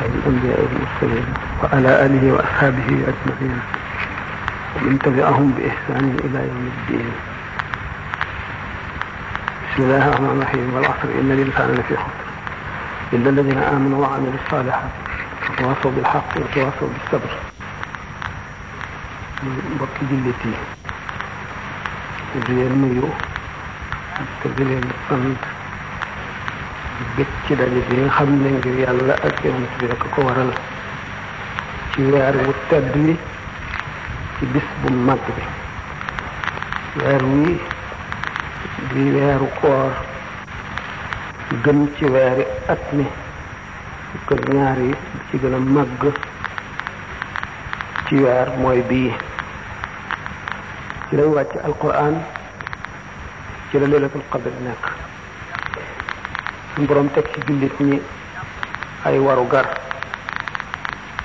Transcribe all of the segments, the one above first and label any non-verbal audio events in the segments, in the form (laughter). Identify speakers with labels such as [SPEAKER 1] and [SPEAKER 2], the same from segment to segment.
[SPEAKER 1] خير الأنبياء والمرسلين وعلى آله وأصحابه أجمعين ومن تبعهم بإحسان إلى يوم الدين بسم الله الرحمن الرحيم والعصر إن الإنسان لفي خسر إلا الذين آمنوا وعملوا الصالحات وتواصوا بالحق وتواصوا بالصبر mbokki jullit yi di leen nuyu te di leen sant bëgg ci daje bi xam ne ngir yàlla ak yonent bi rek ko waral ci weer wu tedd wi ci bis bu mag bi weer wi di weeru koor gën ci weeri at mi ko ñaar yi ci gën a màgg ci weer mooy bii ci lañ wàcc alquran ci la leylatul qadr nekk suñu borom teg ci jullit ñi ay warugar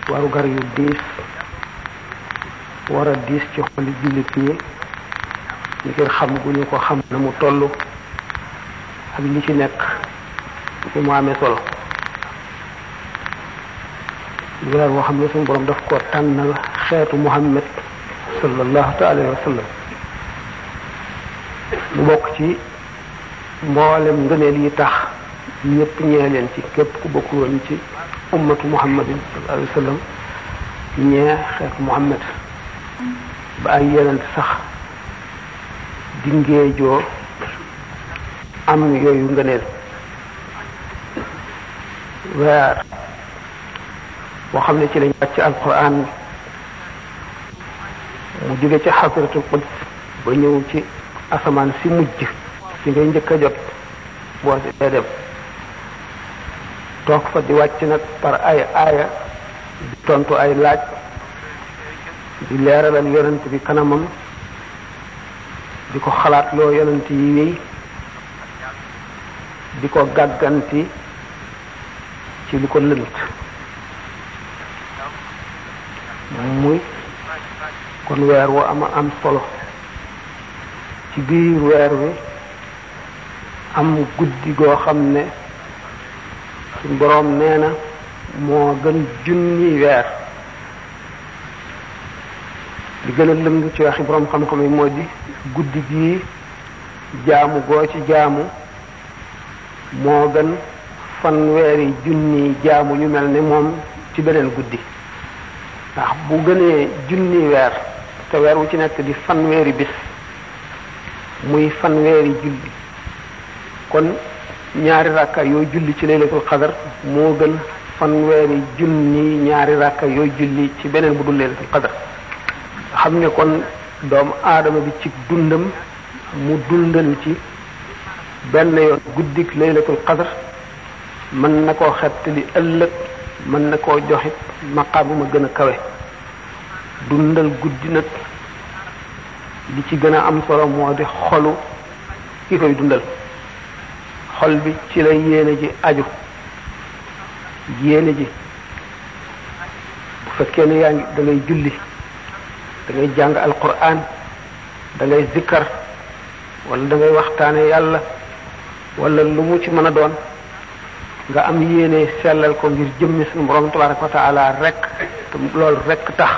[SPEAKER 1] warugar yu diis war diis ci xoli jullit ñi ngir xam gu ñu ko xam na mu toll ak li ci nekk fi mu amee solo weer woo xam ne suñu borom daf ko tànnal xeetu Muhammad sallallahu alayhi wa bokk ci mboolem ngëneel yi tax ñépp ñee leen ci képp ku bokk woon ci ummatu muhammadin sallallahu alayhi muhammad ba ay yeneen sax dingee joo am yooyu ngëneel weer boo xam ne ci lañ wàcc alquran mu jóge ci xasratul quds ba ñëw ci asamaan si mujj si ngay njëkk a jot boo dee dem toog fa di wàcc nag par ay aaya di tontu ay laaj di leeralal yonent bi kanamam di ko xalaat loo yonent yi wéy di ko gàgganti ci lu ko lënt muy kon weer wu ama am solo ci biir weer wi am guddi goo xam ne suñ boroom nee na moo gën junni weer li gën a lëng ci waxi boroom xam-xam yi moo di guddi gii jaamu goo ci jaamu moo gën fanweeri junni jaamu ñu mel ni moom ci beneen guddi ndax bu gënee junni weer te weer wu ci nekk di fanweeri bis muy fanweeri julli kon ñaari rakka yooy julli ci laylatul qadar moo gën fanweeri junni ñaari rakka yooy julli ci beneen bu dul laylatul qadar xam ne kon doomu aadama bi ci dundam mu dundal ci benn yoon guddik laylatul qadar mën na koo xettali ëllëg mën na koo joxit maqaam bu ma gën a kawe dundal guddi nag li ci gën a am solo moo di xolu ki koy dundal xol bi ci la yéene ji aju yéene ji bu fekkee ne yaa ngi dangay ngay julli da ngay jàng alquran da ngay zikkar wala da waxtaane yàlla wala lu mu ci mën a doon nga am yéene sellal ko ngir jëmmi suñu borom tabaraka wa taala rek te loolu rek tax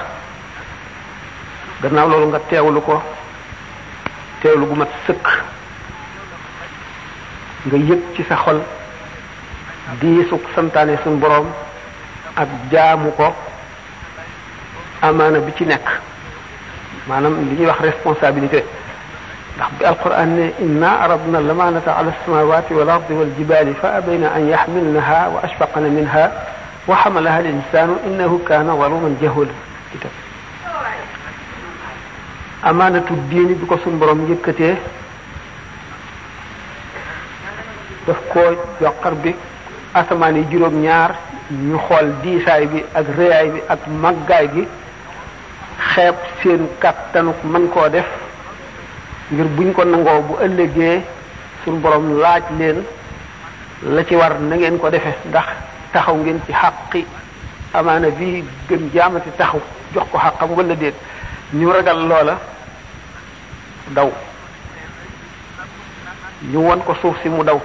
[SPEAKER 1] gannaaw loolu nga teewlu ko teewlu gu mat sëkk nga ci sa xol diisuk santaane suñ boroom ak jaamu ko amaana bi ci nekk maanaam li ñuy wax responsabilité ndax bi alquran ne inna aradna lamanata ala alsamawati wal ardi wal jibali fa an yaxmilnaha wa minha wa al insanu innahu kana zaluman jahula itam amaanatu diini bi ko suñ boroom yëkkatee daf ko joxar bi asamaan yi juróom-ñaar ñu xool diisaay bi ak rëyaay bi ak màggaay gi xeeb seen kàttanu mën koo def ngir buñ ko nangoo bu ëllëgee suñ borom laaj leen la ci war na ngeen ko defe ndax taxaw ngeen ci xàqi amaana bi gën jaamati taxaw jox ko xàqam wala déet ñu ragal loola daw ñu won ko suuf si mu daw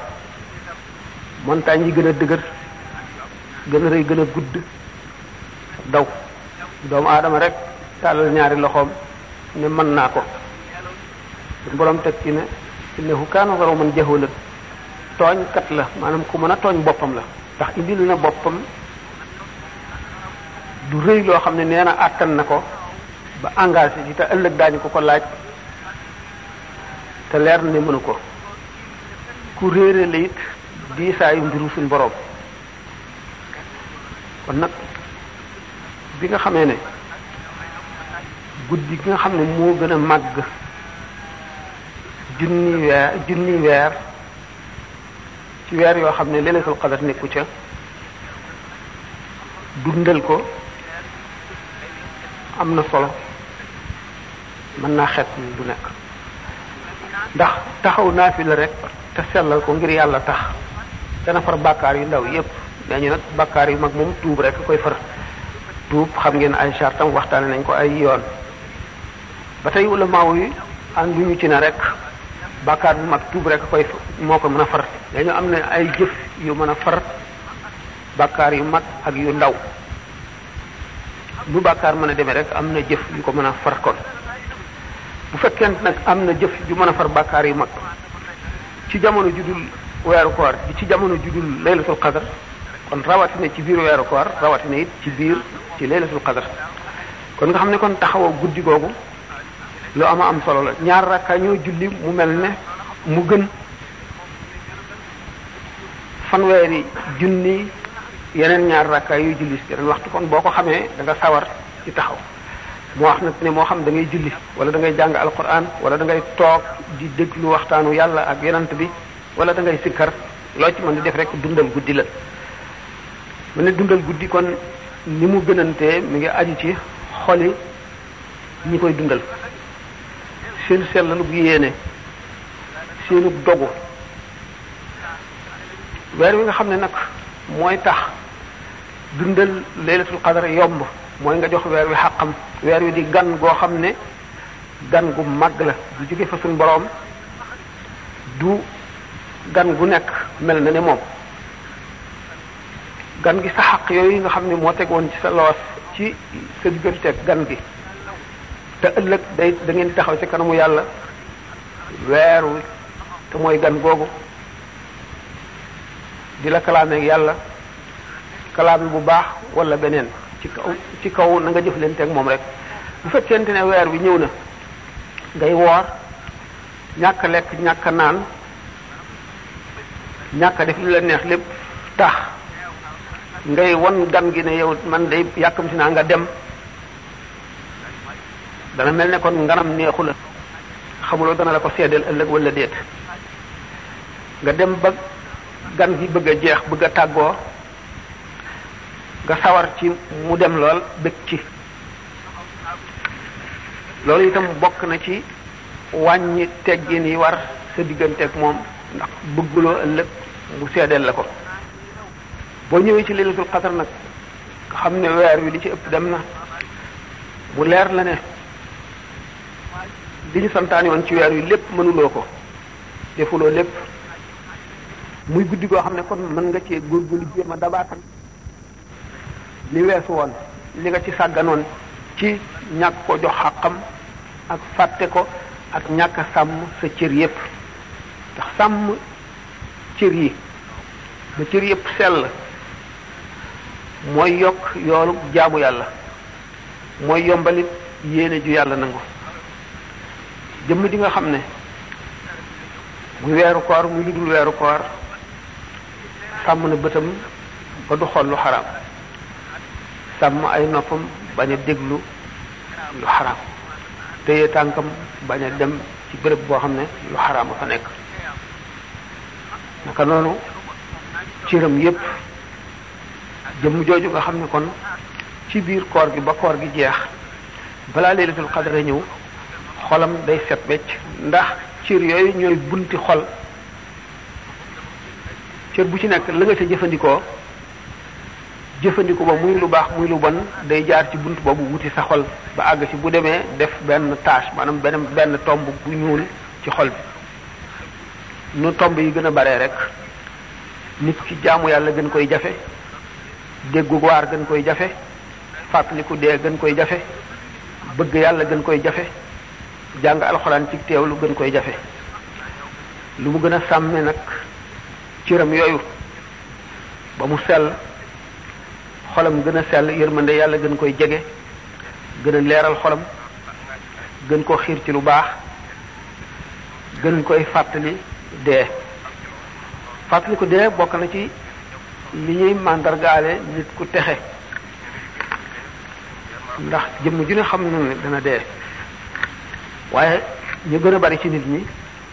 [SPEAKER 1] montagne yi gën a dëgër gën a rëy gën a gudd daw doomu aadama rekk tàllal ñaari loxoom ne mën naa ko suñu borom teg ci ne innahu kaana zaluuman jahuulan tooñ kat la maanaam ku mën a tooñ boppam la ndax indi lu na boppam du rëy loo xam ne nee na àttan na ko ba engagé ci te ëllëg daañu ko ko laaj te leer ne mënu ko ku réere la it diisaayu mbiru suñu boroom kon nag bi nga xamee ne guddi gi nga xam ne moo gën a màgg junni weer junni weer ci weer yoo xam ne lelatul qadar nekku ca dundal ko am na solo mën naa xet du nekk ndax taxaw naa fi la rek te sellal ko ngir yàlla tax dana far bàkkaar yu ndaw yépp dañu nag bàkkaar yu mag moom tuub rek koy far tuub xam ngeen ay chartam waxtaane nañ ko ay yoon ba tey ulamaaw yi ànduñu ci na rek bàkkaar bu mag tuub rek koy moo ko mën a far dañu am na ay jëf yu mën a far bàkkaar yu mag ak yu ndaw lu bàkkaar mën a demee rek am na jëf yu ko mën a far kon bu fekkent nag am na jëf yu mën a far bàkkaar yu mag ci jamono ju dul weeru koor ci jamono judul laylatul qadr kon rawatina ci biir weeru koor rawatina it ci biir ci laylatul qadr kon nga xam ne kon taxawoo guddi googu lu ama am solo la ñaar rakka ñoo julli mu mel ne mu gën fanweeri junni yeneen ñaar rakka yuy julli si yeneen waxtu kon boo ko xamee danga nga sawar ci taxaw moo wax nag ne moo xam da ngay julli wala dangay ngay jàng alquran wala da ngay toog di déglu waxtaanu yàlla ak yonent bi wala da ngay sikkar loo ci di def rek dundal guddi la mu ne dundal guddi kon ni mu gënantee mu ngi aju ci xoli ñi koy dundal seen sellalu bu yéene seenu dogu weer wi nga xam ne nag mooy tax dundal laylatul qadar yomb mooy nga jox weer wi xàqam weer wi di gan goo xam ne gan gu màgg la du jóge fa boroom du gan gu nekk mel na ne moom gan gi sa xaq yooyu nga xam ne moo teg woon ci sa loos ci sa digganteeg gan gi te ëllëg day da taxaw ci kanamu yàlla weer wi te mooy gan googu di la kalaameeg yàlla kalaame bu baax wala beneen ci kaw ci kaw na nga jëflanteeg moom rek bu fekkente ne weer wi ñëw na ngay woor ñàkk lekk ñàkk naan ñàkk a def lu la neex lépp tax ngay won gam gi ne yow man de yàkkam si naa nga dem dana mel ne kon nganam neexu la xamuloo dana la ko seddal ëllëg wala déet nga dem ba gan gi bëgg a jeex bëgg a tàggoo nga sawar ci mu dem lool bëgg ci loolu itam bokk na ci wàññi teggin yi war sa digganteeg moom ndax bëgguloo ëllëg bu seedeel la ko boo ñëwee ci lilatul xadar nag nga xam ne weer wi li ci ëpp dem na mu leer la ne li ñu santaani woon ci weer wi lépp mënuloo ko defuloo lépp muy guddi goo xam ne kon mën nga cee góorgóorlu jéem a dabaatal li weesu woon li nga ci sàgganoon ci ñàkk ko jox xàqam ak fàtte ko ak ñàkk a sàmm sa cër yépp ndax sàmm cër yi ba cër yëpp sell mooy yokk yoolu jaamu yàlla mooy yombalit yéene ju yàlla nangu jëmm ji nga xam ne muy weeru koor muy lu dul weeru koor sàmm na bëtam ba du xool lu xaraam sàmm ay noppam bañ a déglu lu xaraam téye tànkam bañ a dem ci bërëb boo xam ne lu xaraam a fa nekk naka noonu ciram yépp jëmm jooju nga xam ne kon ci biir koor gi ba koor gi jeex balaa laylatul qadr ñëw xolam day set wecc ndax cër yooyu ñooy bunti xol cër bu ci nekk la nga ca jëfandikoo jëfandiku ba muy lu baax muy lu bon day jaar ci bunt boobu wuti sa xol ba àgg ci bu demee def benn tâche maanaam benn benn tomb bu ñuul ci xol bi nu tomb yi gën a bare rek nit ki jaamu yàlla gën koy jafe déggu waar gën koy jafe fàttaliku dee gën koy jafe bëgg yàlla gën koy jafe jàng alxuraan ci lu gën koy jafe lu mu gën a sàmme nag cëram yooyu ba mu sell xolam gën a sell yërmande yàlla gën koy jege gën a leeral xolam gën ko xiir ci lu baax gën koy fàttali dee fàttaliku dee bokk na ci li ñuy màndargaale nit ku texe ndax jëmm ju ne xam na ne dana dee waaye ñu gën a bari ci nit ñi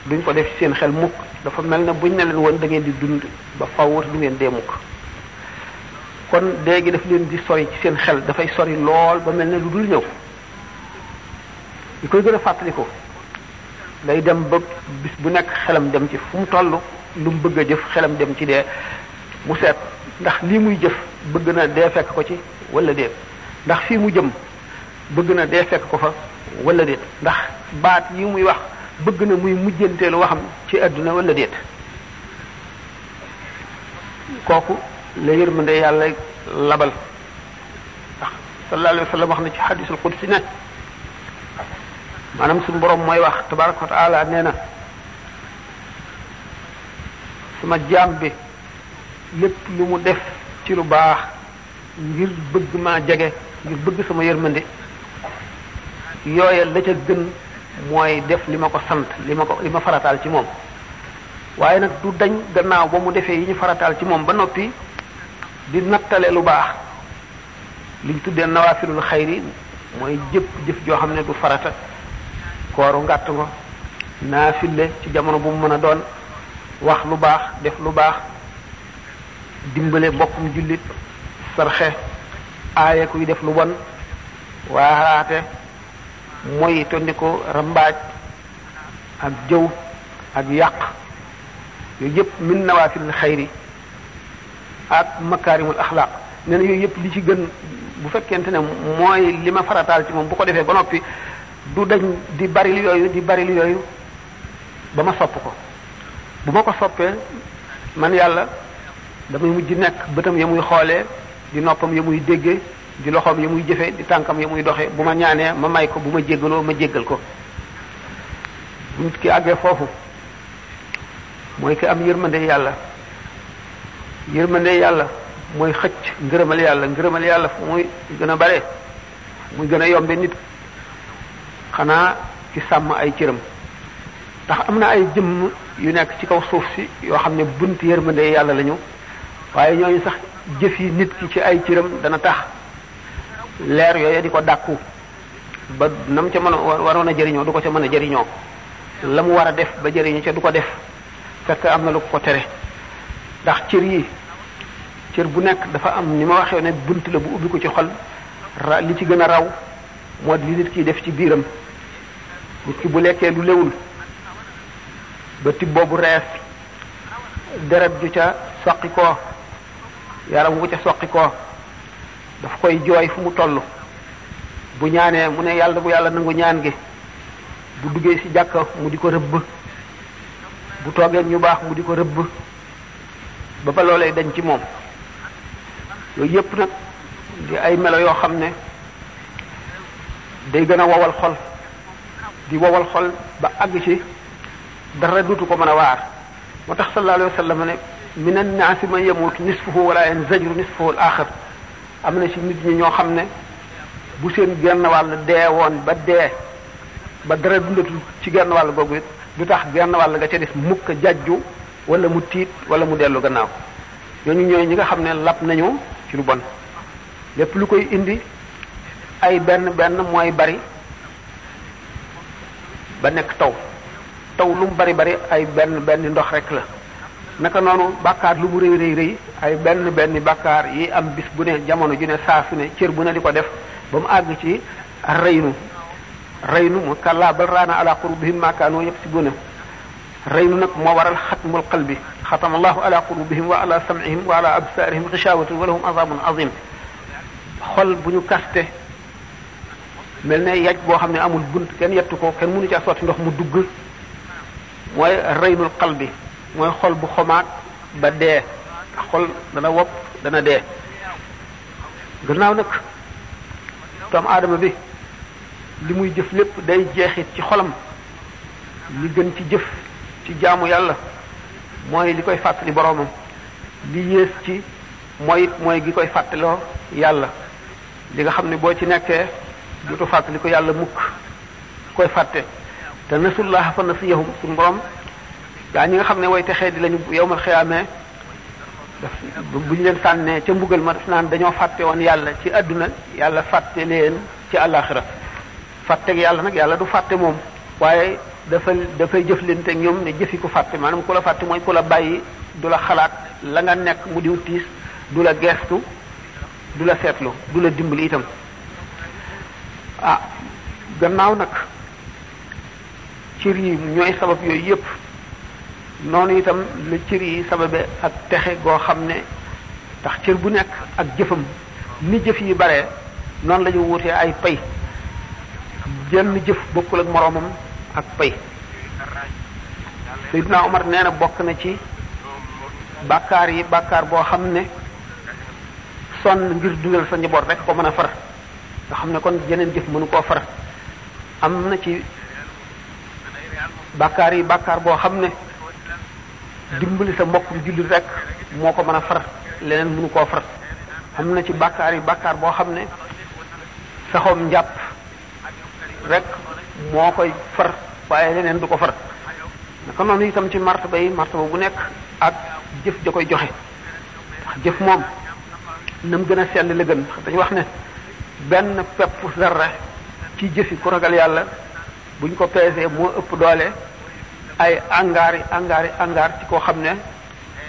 [SPEAKER 1] duñ ko def ci seen xel mukk dafa mel na buñ ne leen woon da ngeen di dund ba fawwat du ngeen dee mukk kon dee gi daf leen di sori ci seen xel dafay sori lool ba mel ne lu dul ñëw ñu koy gën a fàttaliku day dem ba bis bu nekk xelam dem ci fu mu toll lu mu bëgg a jëf xelam dem ci dee mu seet ndax lii muy jëf bëgg na dee fekk ko ci wala déet ndax fii mu jëm bëgg na dee fekk ko fa wala déet ndax baat yi muy wax bëgg na muy mujjanteelu waxam ci àdduna walla déet kooku la yërmande yàlla labal ndax sallallahu alayhi wa sallam wax na ci xadisul qudsi ne maanaam suñu boroom mooy wax tabaraka wa taala nee na sama jaam bi lépp lu mu def ci lu baax ngir bëgg maa jege ngir bëgg sama yërmande yooya la ca gën mooy def li ma ko sant li ma ko li ma farataal ci moom waaye nag du dañ gannaaw ba mu defee yi ñu farataal ci moom ba noppi di nattale lu baax liñ tuddee nawaafilul xayri mooy jëpp jëf joo xam ne du farata kooru ngàtt ngo naa file ci jamono bu mu mën a doon wax lu baax def lu baax dimbale mbokkum jullit sarxe aaye kuy def lu bon waaraate mooy tondiku rambaaj ak jëw ak yàq yooyu yëpp waa nawaafil xayri ak makaarimul axlaaq nee na yooyu yëpp li ci gën bu fekkente ne mooy li ma farataal ci moom bu ko defee ba noppi du dañ di baril yooyu di baril yooyu ba ma sopp ko bu ma ko soppee man yàlla damay mujj nekk bëtam ya muy xoole di noppam ya muy déggee di loxoom ya muy jëfe di tànkam ya muy doxe bu ma ñaanee ma may ko bu ma jéggaloo ma jéggal ko bu nit ki àggee foofu mooy ki am yërmande yàlla yërmande yàlla mooy xëcc ngërëmal yàlla ngërëmal yàlla fu muy gën a bare muy gën a yombe nit xanaa ci sàmm ay cëram ndax am na ay jëmm yu nekk ci kaw suuf si yoo xam ne bunt yërmande yàlla lañu waaye ñooñu sax jëf yi nit ki ci ay cëram dana tax leer yooyu di ko dàkku ba nam ca mën a waroon a jëriñoo du ko ca mën a jariñoo la mu war a def ba jëriñu ca du ko def fekk am na lu ko tere ndax cër yi cër bu nekk dafa am ni ma waxee ne bunt la bu ubbi ko ci xol ra li ci gën a raw moo di li nit ki def ci biiram nit ki bu lekkee lu lewul ba tib boobu rees deret ju ca soqikoo ko yaram wu ca soqi ko dafa koy jooy fu mu toll bu ñaanee mu ne yàlla bu yàlla nangu ñaan gi bu duggee ci jàkka mu di ko rëbb bu toogee ñu baax mu di ko rëbb ba ba loolee dañ ci moom yooyu yépp nag di ay melo yoo xam ne day gën a wowal xol di wowal xol ba àgg ci dara duutu ko mën a waar moo tax sallallahu alayhi wa sallam ne min annaasi man yamut nisfuhu wala yanzajru nisfuhu al-axar am na ci nit ñi ñoo xam ne bu seen genn wàll dee woon ba dee ba dara dundatu ci genn wàll googu it du tax genn wàll nga ca des mukk jajju wala mu tiit wala mu dellu gannaaw ñooñu ñooy ñi nga xam ne làpp nañu ci lu bon lépp lu koy indi ay benn benn mooy bari ba nekk taw taw lu mu bari bari ay benn benn ndox rek la naka noonu bàkkaar lu mu rëy rëy rëy ay benn benn bàkkaar yi am bis bu ne jamono ju ne saasu su ne cër bu ne li ko def ba mu àgg ci rëynu rëynu mu kalaa bal raana ala qulubihim ma kaanu yaksibuna rëynu nag moo waral xatmul qalbi xatama allahu ala qulubihim wa ala sam'ihim wa ala absaarihim xishawatu wa lahum azabun azim xol bu ñu kaste mel ne yaj boo xam ne amul bunt kenn yettu ko kenn mënu caa sotti ndox mu dugg mooy reynul xal bi mooy xol bu xomaag ba dee xol dana wopp dana dee gannaaw nag doomu aadama bi li muy jëf lépp day jeexit ci xolam li gën ci jëf ci jaamu yàlla mooy li koy fàttali boroomam li yées ci mooy mooy gi koy fàttaloo yàlla li nga xam ne boo ci nekkee dutu fàttali ko yàlla mukk koy fàtte te nasullaha fa nasiyahum suñu borom gaa ñi nga xam ne way texee di lañu yowmal xiyaamee daf bu ñu leen sànnee ca mbugal ma daf naan dañoo fàtte woon yàlla ci àdduna yàlla fàtte leen ci àllaaxira fàtteeg yàlla nag yàlla du fàtte moom waaye dafa dafay jëflante ak ñoom ne jëfi ko fàtte maanaam ku la fàtte mooy ko la bàyyi du la xalaat la nga nekk mu diw tiis du la geestu du la seetlu du la dimbali itam ah gannaaw nag cër yi ñooy sabab yooyu yëpp noonu itam la cër yi sababe ak texe goo xam ne tax cër bu nekk ak jëfam ni jëf yi bare noonu lañu ñu ay pay jenn jëf bokkul ak moroomam ak pay Seydina Omar nee na bokk na ci bàkkaar yi bàkkaar boo xam ne sonn ngir dugal sa njaboot rek ko mën a far nga xam ne kon yeneen jëf mënu koo far am na ci bàkkaar yi bakkaar boo xam ne dimbali sa mbokk jullit rek moo ko mën a far leneen mënu koo far am na ci bàkkaar yi bàkkaar boo xam ne saxoom njàpp rek moo koy far waaye leneen du ko far naka noonu itam ci martaba yi martaba bu nekk ak jëf da koy joxe jëf moom nam gën a sell la gën dañu wax ne benn pepp zarra ci jëfi ku ragal yàlla buñ ko peesee moo ëpp doole ay angaari angaari angaar ci koo xam ne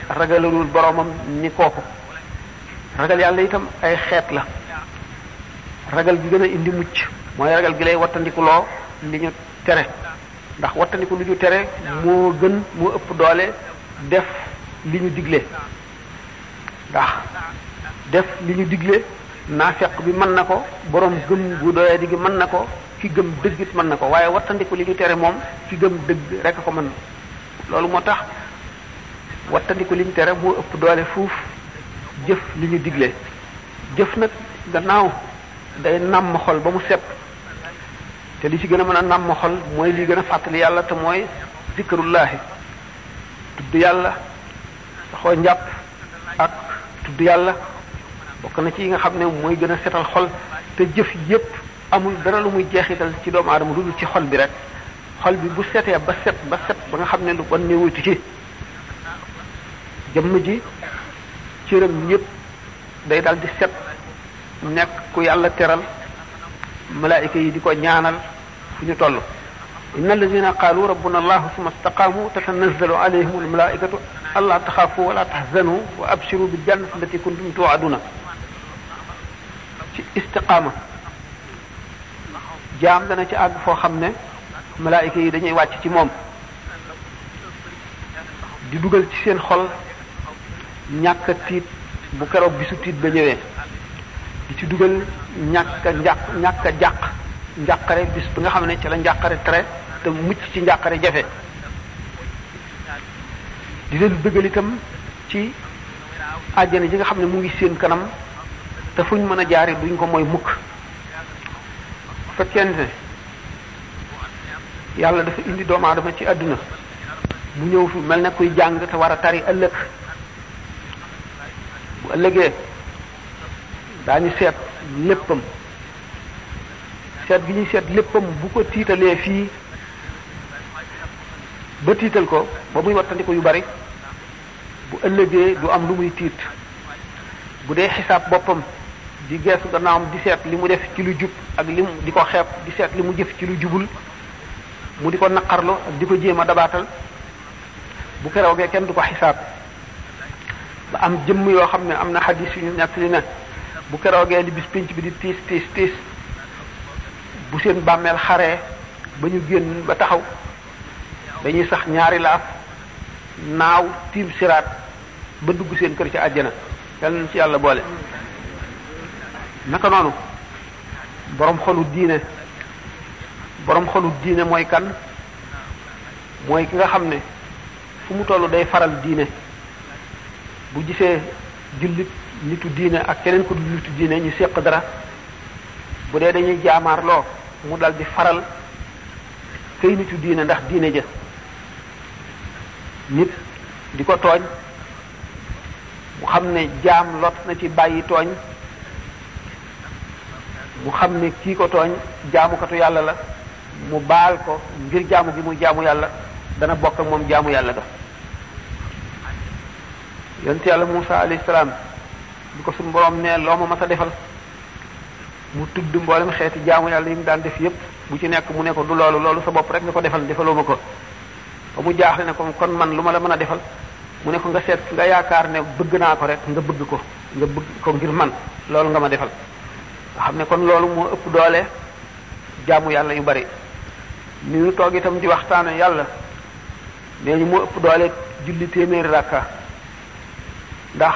[SPEAKER 1] ragalalul boromam ni kooku ragal yàlla itam ay xeet la ragal gi gën a indi mucc mooy ragal gi lay wattandiku loo li ñu tere ndax wattandiku lu ñu tere moo gën moo ëpp doole def li ñu digle ndax def li ñu digle naafeq bi mën na ko borom gëm gu doyadi gi mën na ko ki gëm dëgg it mën na ko waaye wattandiku li ñu tere moom ki gëm dëgg rek ko mën loolu moo tax wattandiku li ñu tere moo ëpp doole fuuf jëf li ñu digle jëf nag gannaaw day nàmm xol ba mu set te li ci gën a mën a nàmm xol mooy lii gën a fàttali yàlla te mooy zikrullahi tudd yàlla xoo njàpp ak tudd yàlla bokk na ci yi nga xam ne mooy gën a setal xol te jëf yépp amul dara lu muy jeexital ci doomu aadama lu dul ci xol bi rek xol bi bu setee ba set ba ba nga xam ne lu bon ne wutu ci jëmm ji cëram yépp day dal di set nekk ko yàlla teral malaayika yi di ko ñaanal fu ñu toll inna a qaalu rabbuna allah summa istaqaamu tatanazzalu alayhim almalaaikatu allaa taxaafu wala a bu tahzanu wa abshiru biljannati allati kuntum tuuaduna ci istiqaama jaam dana ci àgg foo xam ne malaayika yi dañuy wàcc ci moom di dugal ci seen xol ñàkk a tiit bu keroog bisu tiit ba ñëwee di ci dugal ñàkk a njàq ñàkk a jàq njàqare bis bi nga xam ne ci la njàqare tere te mucc ci njàqare jafe di leen bëggal itam ci àjjana ji nga xam ne mu ngi seen kanam te fuñ mën a jaari duñ ko mooy mukk fekkente ne yàlla dafa indi doomu aadama ci àdduna mu ñëw fi mel ne kuy jàng te war a tari ëllëg bu ëllëgee daañu seet léppam seet gi ñuy seet léppam bu ko tiitalee fii ba tiital ko ba muy wattandiku yu bari bu ëllëgee du am lu muy tiit bu dee xisaab boppam di geesu gannaawam di seet li mu def ci lu jub ak li mu di ko xeeb di seet li mu jëf ci lu jubul mu di ko naqarlu ak di ko jéem a dabaatal bu keroogee kenn du ko xisaab ba am jëmm yoo xam ne am na xadis yu ñu ñett li ne bu keroogee li bis pinc bi di tiis tiis tiis bu seen bàmmeel xaree ba ñu génn ba taxaw dañuy sax ñaari laaf naaw tiim siraat ba dugg seen kër ci àjjana yal nañ ci yàlla boole naka noonu boroom xolu diine boroom xolu diine mooy kan mooy ki nga xam ne fu mu toll day faral diine bu gisee jullit nitu diine ak keneen ku dul diine ñu séq dara bu dee dañuy jaamaar loo mu dal di faral këy nitu diine ndax diine ja nit di ko tooñ mu xam ne jaam lot na ci bàyyi tooñ mu xam ne kii ko tooñ jaamukatu yàlla la mu baal ko ngir jaamu gi muy jaamu yàlla dana bokk ak moom jaamu yàlla ga yonent yàlla Muusa alayhi salaam bu ko su borom nee loo ma mas a defal mu tudd mboolem xeeti jaamu yàlla yi mu daan def yépp bu ci nekk mu ne ko du loolu loolu sa bopp rek nga ko defal defaloo ma ko ba mu jaaxle ne ko kon man lu ma la mën a defal mu ne ko nga seet nga yaakaar ne bëgg naa ko rek nga bëgg ko nga bëgg ko ngir man loolu nga ma defal nga xam ne kon loolu moo ëpp doole jaamu yàlla yu bari ni ñu toog itam di waxtaane yàlla nee ñu moo ëpp doole julli téeméeri rakka ndax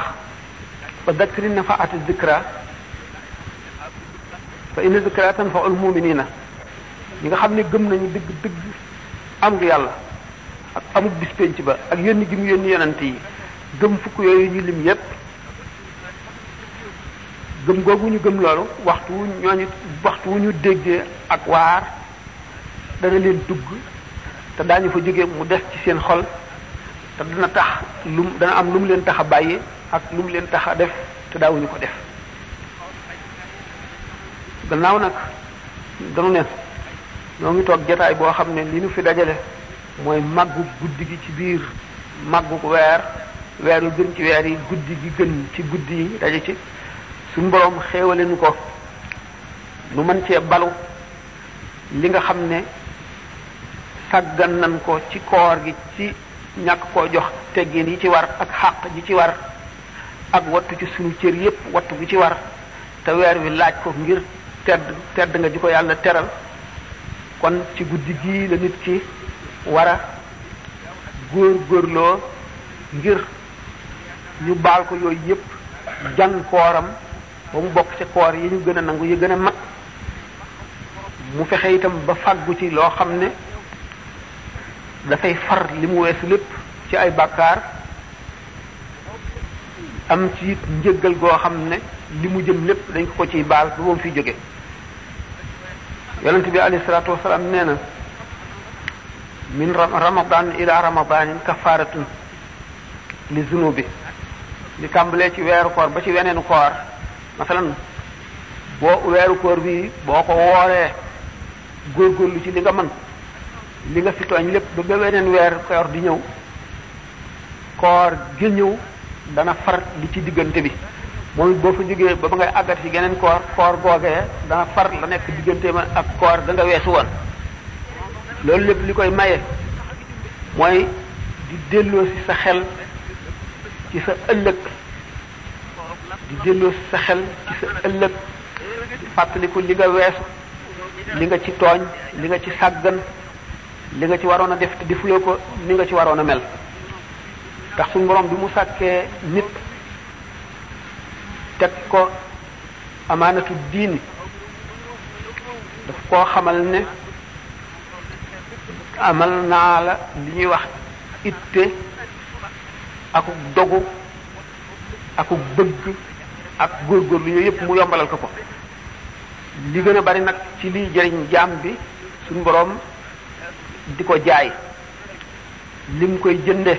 [SPEAKER 1] fa dakri na fa ati zikra fa inna zikra tan fa ul muminina ñi nga xam ne gëm nañu dëgg dëgg am gi yàlla ak amul bis penc ba ak yónni gi mu yónni yonent yi gëm fukk yooyu ñu lim yépp gëm googu ñu gëm loolu waxtu wu ñooñu waxtu wu ñu déggee ak waar dana leen dugg te daañu fa jóge mu def ci seen xol te dana tax lum dana am lu mu leen tax a bàyyi ak lu mu leen tax a def te daawuñu ko def gannaaw nag danu ne ñoo ngi toog jataay boo xam ne li ñu fi dajale mooy màggu guddi gi ci biir màggu weer weeru gën ci weer yi guddi gi gën ci guddi yi daje ci suñ boroom xéewale ko nu mën cee balu li nga xam ne sàggan nan ko ci koor gi ci ñàkk koo jox teggin yi ci war ak xàq ji ci war ak wattu ci sunu cër yépp wattu gi ci war te weer wi laaj ko ngir tedd tedd nga ji ko yàlla teral kon ci guddi gii la nit ki war a góor góorloo ngir ñu baal ko yooyu yépp jan kooram ba mu bokk ci koor yi ñu gën a nangu yi gën a mag mu fexe itam ba fàggu ci loo xam ne dafay far li mu weesu lépp ci ay bàkkaar am ci njëgal goo xam ne li mu jëm lépp dañ ko ko ciy baal ba moom fi jóge yonent bi alayhi salaatu wasalaam nee na min ramadan ila ramadanin kafaratun li zunubi li tàmbalee ci weeru koor ba ci weneenu koor masalan boo weeru koor bi boo ko wooree góor góorlu ci li nga man li nga fi tooñ lépp ba beneen weer koor di ñëw koor gi ñëw dana far li ci diggante bi moom it boo fa jógee ba ba ngay àggat ci geneen koor koor googee dana far la nekk diggante ma ak koor ga nga weesu woon loolu lépp li koy maye mooy di delloo ci sa xel ci sa ëllëg di delloo sa xel ci sa ëllëg di fàttaliku li nga weesu li nga ci tooñ li nga ci sàggan li nga ci waroon a def te defuloo ko ni nga ci waroon a mel ndax suñu borom bi mu sàkkee nit teg ko amaanatu diin daf koo xamal ne amal naa la li ñuy wax itte akuk dogu akuk bëgg ak góor góorgóorlu yooyu yëpp mu yombalal ko ko li gën a bari nag ci liy jëriñ jaam bi suñ boroom di ko jaay lim koy jënde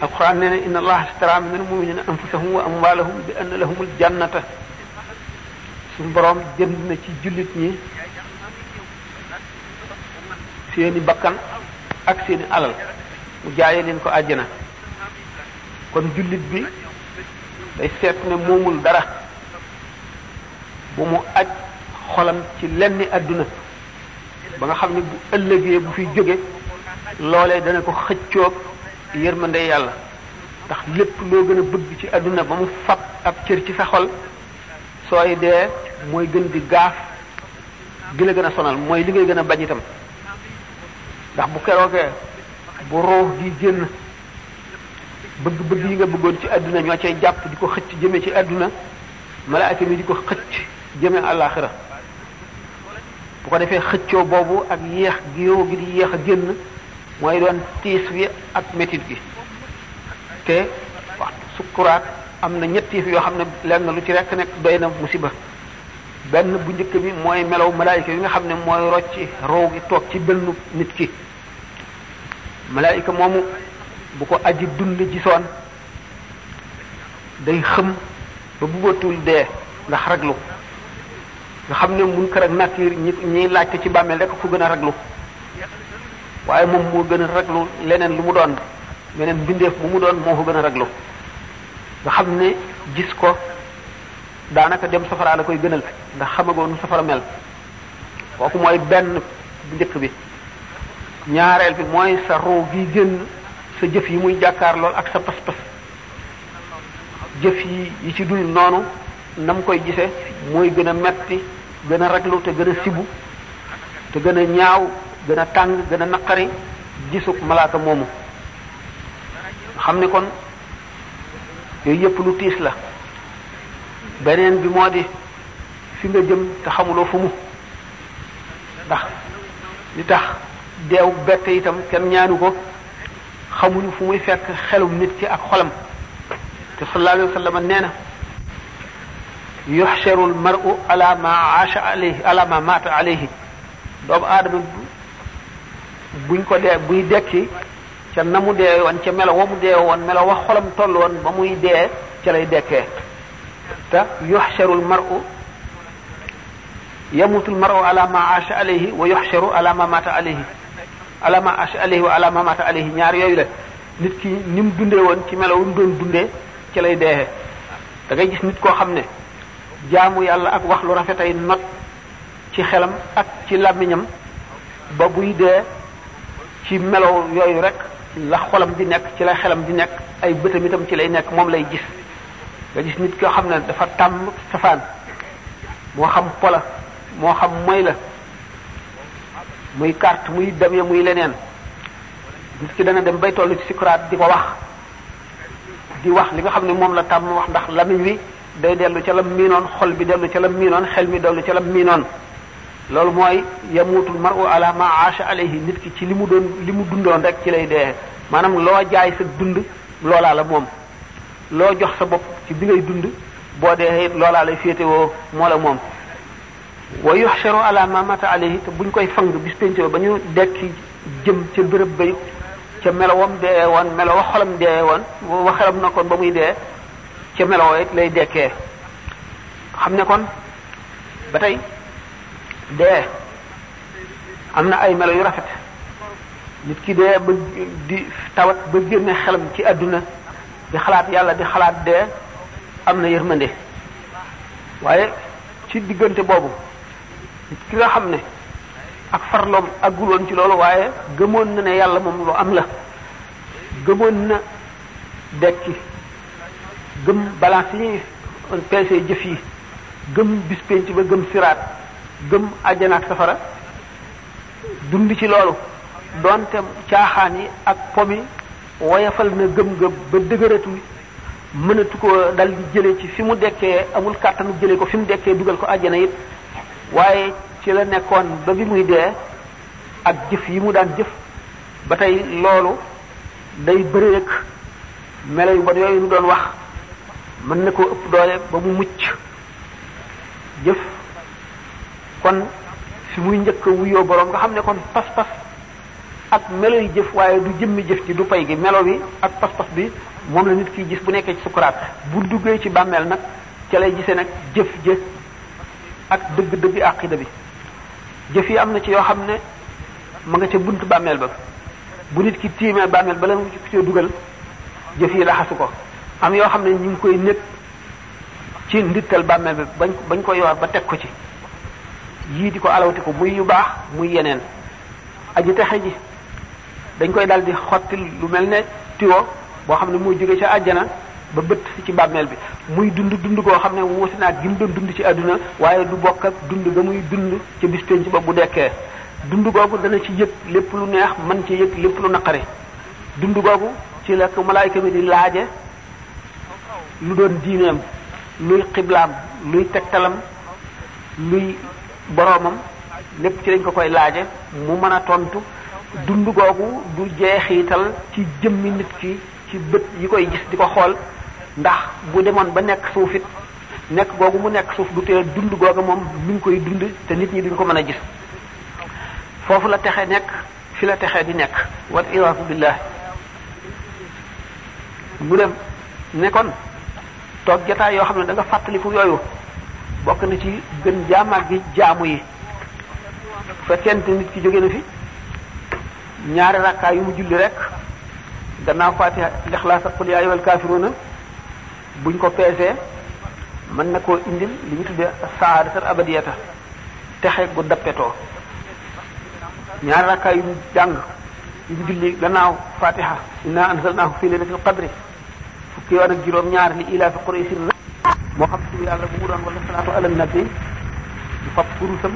[SPEAKER 1] alquran nee na inna allaha ashtara min almuminina anfusahum wa amwalahum bi anna lahumul suñ boroom jënd na ci jullit ñi
[SPEAKER 2] seeni bakkan ak seeni alal
[SPEAKER 1] mu jaayee leen ko àjjana kon jullit bi day seet ne moomul dara bu mu aj xolam ci lenn àdduna ba nga xam ne bu ëllëgee bu fi jóge loolee dana ko xëccoog yërmande yàlla ndax lépp loo gën a bëgg ci àdduna ba mu fab ab cër ci sa xol sooy dee mooy gën di gaaf gi la gën a sonal mooy li ngay gën a bañ itam ndax bu keroogee bu ruux gi génn bëgg-bëgg yi nga bëggoon ci àdduna ñoo cay jàpp di ko xëcc jëme ci àdduna malaaka mi di ko xëcc jëme àllaaxira bu ko defee xëccoo boobu ak yéex gi yow gi di yéex a génn mooy doon tiis wi ak metit gi te waxtu sukkuraat am na ñetti yëf yoo xam ne lenn lu ci rekk nekk doy na musiba benn bu njëkk bi mooy melow malaayika yi nga xam ne mooy rocci roow gi toog ci bënnu nit ki malaayika moomu bu ko aji dund gisoon day xëm ba bëggatul dee ndax raglu nga xam ne munkar ak nakiir ñi ñiy laajte ci bàmmeel rek ko gën a raglu waaye moom moo gën a raglu leneen lu mu doon meneen mbindeef bu mu doon moo ko gën a raglu nga xam ne gis ko daanaka dem safara la koy gënal ndax xamagoonu safara mel kooku mooy benn bu njëkk bi ñaareel bi mooy sa ruu gi génn sa jëf yi muy jàkkaar lool ak sa pas-pas jëf yi yi ci dul noonu nam koy gise mooy gën a metti gën a raglu te gën a sibu te gën a ñaaw gën a tàng gën a naqari gisuk malaaka moomu xam ni kon yooyu yëpp lu tiis la beneen bi moo di fi nga jëm te xamuloo fu mu ndax li tax deew bett itam kenn ñaanu ko xamuñu fu muy fekk xelum nit ki ak xolam te sallallahu sallam nee na yuxsharu al mar'u ala ma aasha alayhi ala ma maata alayhi aadama buñ ko dee buy dekki ca na mu dee woon ca melo mu dee woon melo wax xolam toll woon ba muy dee ca lay dekkee te yuxsharu al mar'u yamutu al mar'u ala ma aasha alayhi wa yuxsharu ala ma maata alayhi alama ash alayhi wa alama mata alayhi ñaar yooyu la nit ki ni mu dundee woon ci melo wu mu dundee ci lay deexe dangay gis nit koo xam ne jaamu yàlla ak wax lu rafet ay not ci xelam ak ci làmmiñam ba buy dee ci melo yooyu rek la xolam di nekk ci la xelam di nekk ay bëtam ci lay nekk moom lay gis nga gis nit koo xam ne dafa tàmm safaan moo xam pola moo xam moy la muy carte muy dem ya muy leneen gis ki dana dem bay toll ci sikuraat di ko wax di wax li nga xam ne moom la tàmm wax ndax lamiñ wi day dellu ca lam miinoon xol bi dellu ca lam miinoon xel mi dellu ca lam miinoon loolu mooy yamutul maru ala ma aasha alayhi nit ki ci li mu doon li mu dundoon rek ci lay dee maanaam loo jaay sa dund loolaa la moom loo jox sa bopp ci bi ngay dund boo dee it loolaa lay féetewoo moo la moom wa yuxsharu ala ma mata alayhi te buñ koy fang bis pénco ba ñu dekki jëm ca bërëb bay ca melowam dee woon melo xolam dee woon wa xelam na kon ba muy dee ca melowoo lay dekkee xam ne kon ba tey dee am na ay melo yu rafet nit ki dee ba di tawat ba génne xelam ci àdduna di xalaat yàlla di xalaat dee am na yërmande waaye ci diggante boobu ki nga xam ne ak farloom àggul woon ci loolu waaye gëmoon na ne yàlla moom lu am la gëmoon na dekki gëm balance yi peese jëf yi gëm bis penc ba gëm siraat gëm àjjana safara dund ci loolu doonte caaxaan yi ak pomi woyafal na gëm ga ba dëgëratul mënatu ko dal di jële ci fi mu dekkee amul kàttanu jële ko fi mu dekkee dugal ko àjjana it waaye ci la nekkoon ba bi muy dee ak jëf yi mu daan jëf ba tey loolu day bëre ak melo yu bon yooyu ñu doon wax mën na koo ëpp doole ba mu mucc jëf kon fi muy njëkk a wuyoo boroom nga xam ne kon pas-pas ak melo yi jëf waaye du jëmmi jëf ci du pay gi melo bi ak pas-pas bi moom la nit kiy gis bu nekkee ci sukuraat bu duggee ci bàmmeel nag ca lay gisee nag jëf jëf ak dëgg-dëgg àqida bi jëf yi am na ci yoo xam ne mu nga ca bunt bàmmeel ba bu nit ki tiimee bàmmeel ba la mu ci ku cee dugal jëf yi laxasu ko am yoo xam ne ñu ngi koy nekk ci ndittal bàmmeel bi bañ bañ ko yor ba teg ko ci yii di ko alawti ko muy yu baax muy yeneen aji texe ji dañ koy daal di xotti lu mel ne tiwo boo xam ne moo jóge ca àjjana ba bët ci bàmmeel bi muy dund dund koo xam ne wuute naa gi mu doon dund ci àdduna waaye du bokk ak dund ba muy dund ca bis penc ba bu dekkee dund googu dana ci yëg lépp lu neex man ci yëg lépp lu naqari dund googu ci la ko malaayka mi di laaje lu doon diineem luy xiblaam luy tegtalam luy boroomam lépp ci lañ ko koy laaje mu mën a tontu dund googu du jeexital ci jëmmi nit ki ci bët yi koy gis di ko xool ndax bu demoon ba nekk suuf it nekk googu mu nekk suuf du tee dund googu moom mi ngi koy dund te nit ñi duñ ko mën a gis foofu la texe nekk fi la texe di nekk wat iyaasu billah mu dem nekkoon toog jotaay yoo xam ne da nga fàttaliku yooyu bokk na ci gën jaamaat gi jaamu yi fekkente nit ki jóge na fi ñaari rakkaa yu mu julli rek gannaaw faatiha lixlaas ak qul yaa ayyuhal kaafiruuna buñ ko peesee mën na koo indil li ñu tuddee saadatal abadiyata texe gu dappetoo ñaari rakkaay yu jàng yu julli gannaaw fatiha inna anzalnaahu fi laylatil qadri fukki yoon ak juróom ñaar li ilaa fi quraysin moo xam si yàlla bu mu doon wala salaatu nabi ñu fab kurusam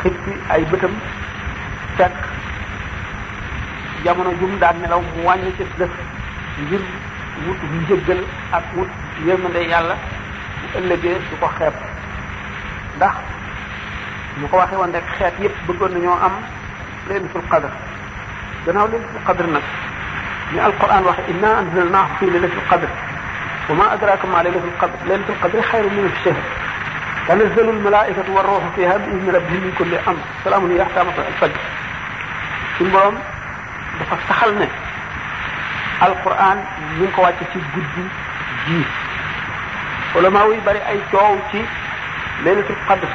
[SPEAKER 1] xippi ay bëtam fekk jamono jum daan nelaw mu wàññi ci def ngir wut njëggal ak wut yërmande yàlla bu ëllëgee su ko xeeb ndax ñu ko waxee woon rek xeet yépp bëggoon nañoo am laylatul qadr gannaaw laylatul qadr nag ñu alquran waxe inna anzalnaahu fi laylatul qadr wa ma adraka ma laylatul qadr laylatul qadri xayru min alfi shahr tanazzalu almalaikatu warruhu fiha bi idni rabbihim min kulli amr salaamun hiya hatta matla'il fajr suñu borom dafa saxal ne alquran ñu ngi ko wàcc ci guddi ji ulama yi bari ay coow ci laylatul qadr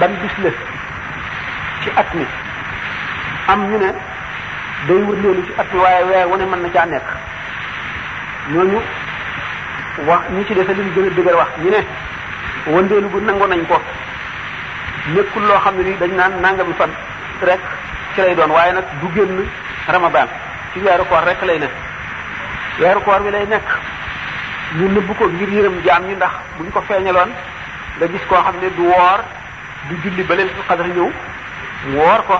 [SPEAKER 1] ban bis ci at mi am ñu ne day wërleelu ci at mi waaye weer wu ne mën na caa nekk ñooñu wax ñi ci dese liñ gën a dëgër wax ñu ne wëndeelu bu nangu nañ ko nekkul loo xam ne ni dañ naan nangami fan rek ci lay doon waaye nag du génn ramadan ci weeru koor rek lay ne weeru koor lay nekk ñu nëbb ko ngir yërëm jaam ñi ndax buñ ko feeñaloon nga gis koo xam ne du woor du julli ba leen xadar ñëw mu woor ko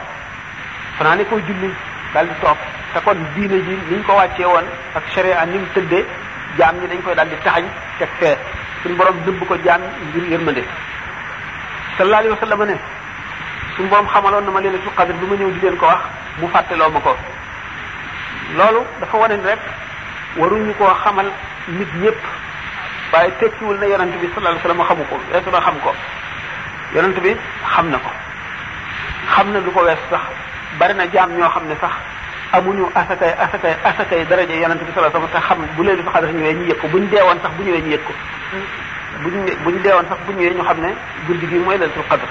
[SPEAKER 1] fanaane ko julli daal di toog te kon diine ji niñ ko wàccee woon ak sharia ni mu tëdde jaam ñi dañ koy daal di taxañ teg fee suñu borom nëbb ko jaam ngir yërmande sallallahu alayhi wa sallam ne suñu borom xamaloon na ma leen xadar bi ma ñëw di leen ko wax mu fàtteloo ma ko loolu dafa wane rek waruñu koo xamal nit ñëpp waaye tekkiwul na yonent bi sallallahu alayhi wasallam xamu ko weesu na xam ko yonent bi xam na ko xam na lu ko wees sax bari na jaam ñoo xam ne sax amuñu asakay asakay asakay daraja yonent bi sallallahu alayhi wasallam te xam bu leen fa xadar ñëwee ñu yëg ko buñ deewoon sax bu ñëwee ñu yëg ko buñ buñ deewoon sax bu ñëwee ñu xam ne guddi gi mooy laylatul qadr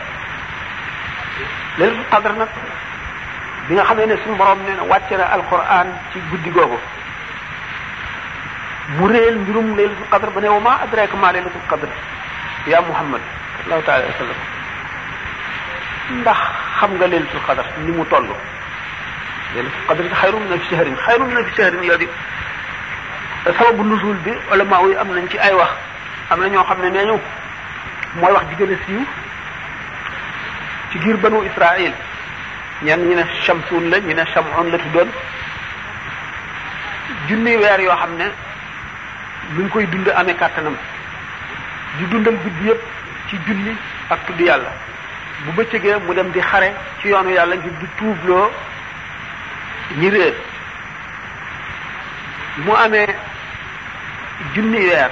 [SPEAKER 1] laylatul qadr nag bi nga xamee ne suñu borom nee na wàcce na alquran ci guddi googu mu réel mbirum laylatul qadr ba ne wa ma adraka a laylatul qadr ya muhammad sallallahu taala wa sallam ndax xam nga laylatul qadr ni mu toll laylatul qadr xayrun min alfi shahrin xayrun min alfi shahrin la di sababu nuzuul bi ulama yi am nañ ci ay wax am na ñoo xam ne nee ñu mooy wax ji gën a siiw ci giir banu israil ñenn ñu ne shamsuun la ñu ne shamoon la tuddoon junni weer yoo xam ne lu ñu koy dund amee kàttanam di dundal guddi yëpp ci julli ak tudd yàlla bu bëccëgee mu dem di xare ci yoonu yàlla ngir di tuubloo ñi réer mu amee junni weer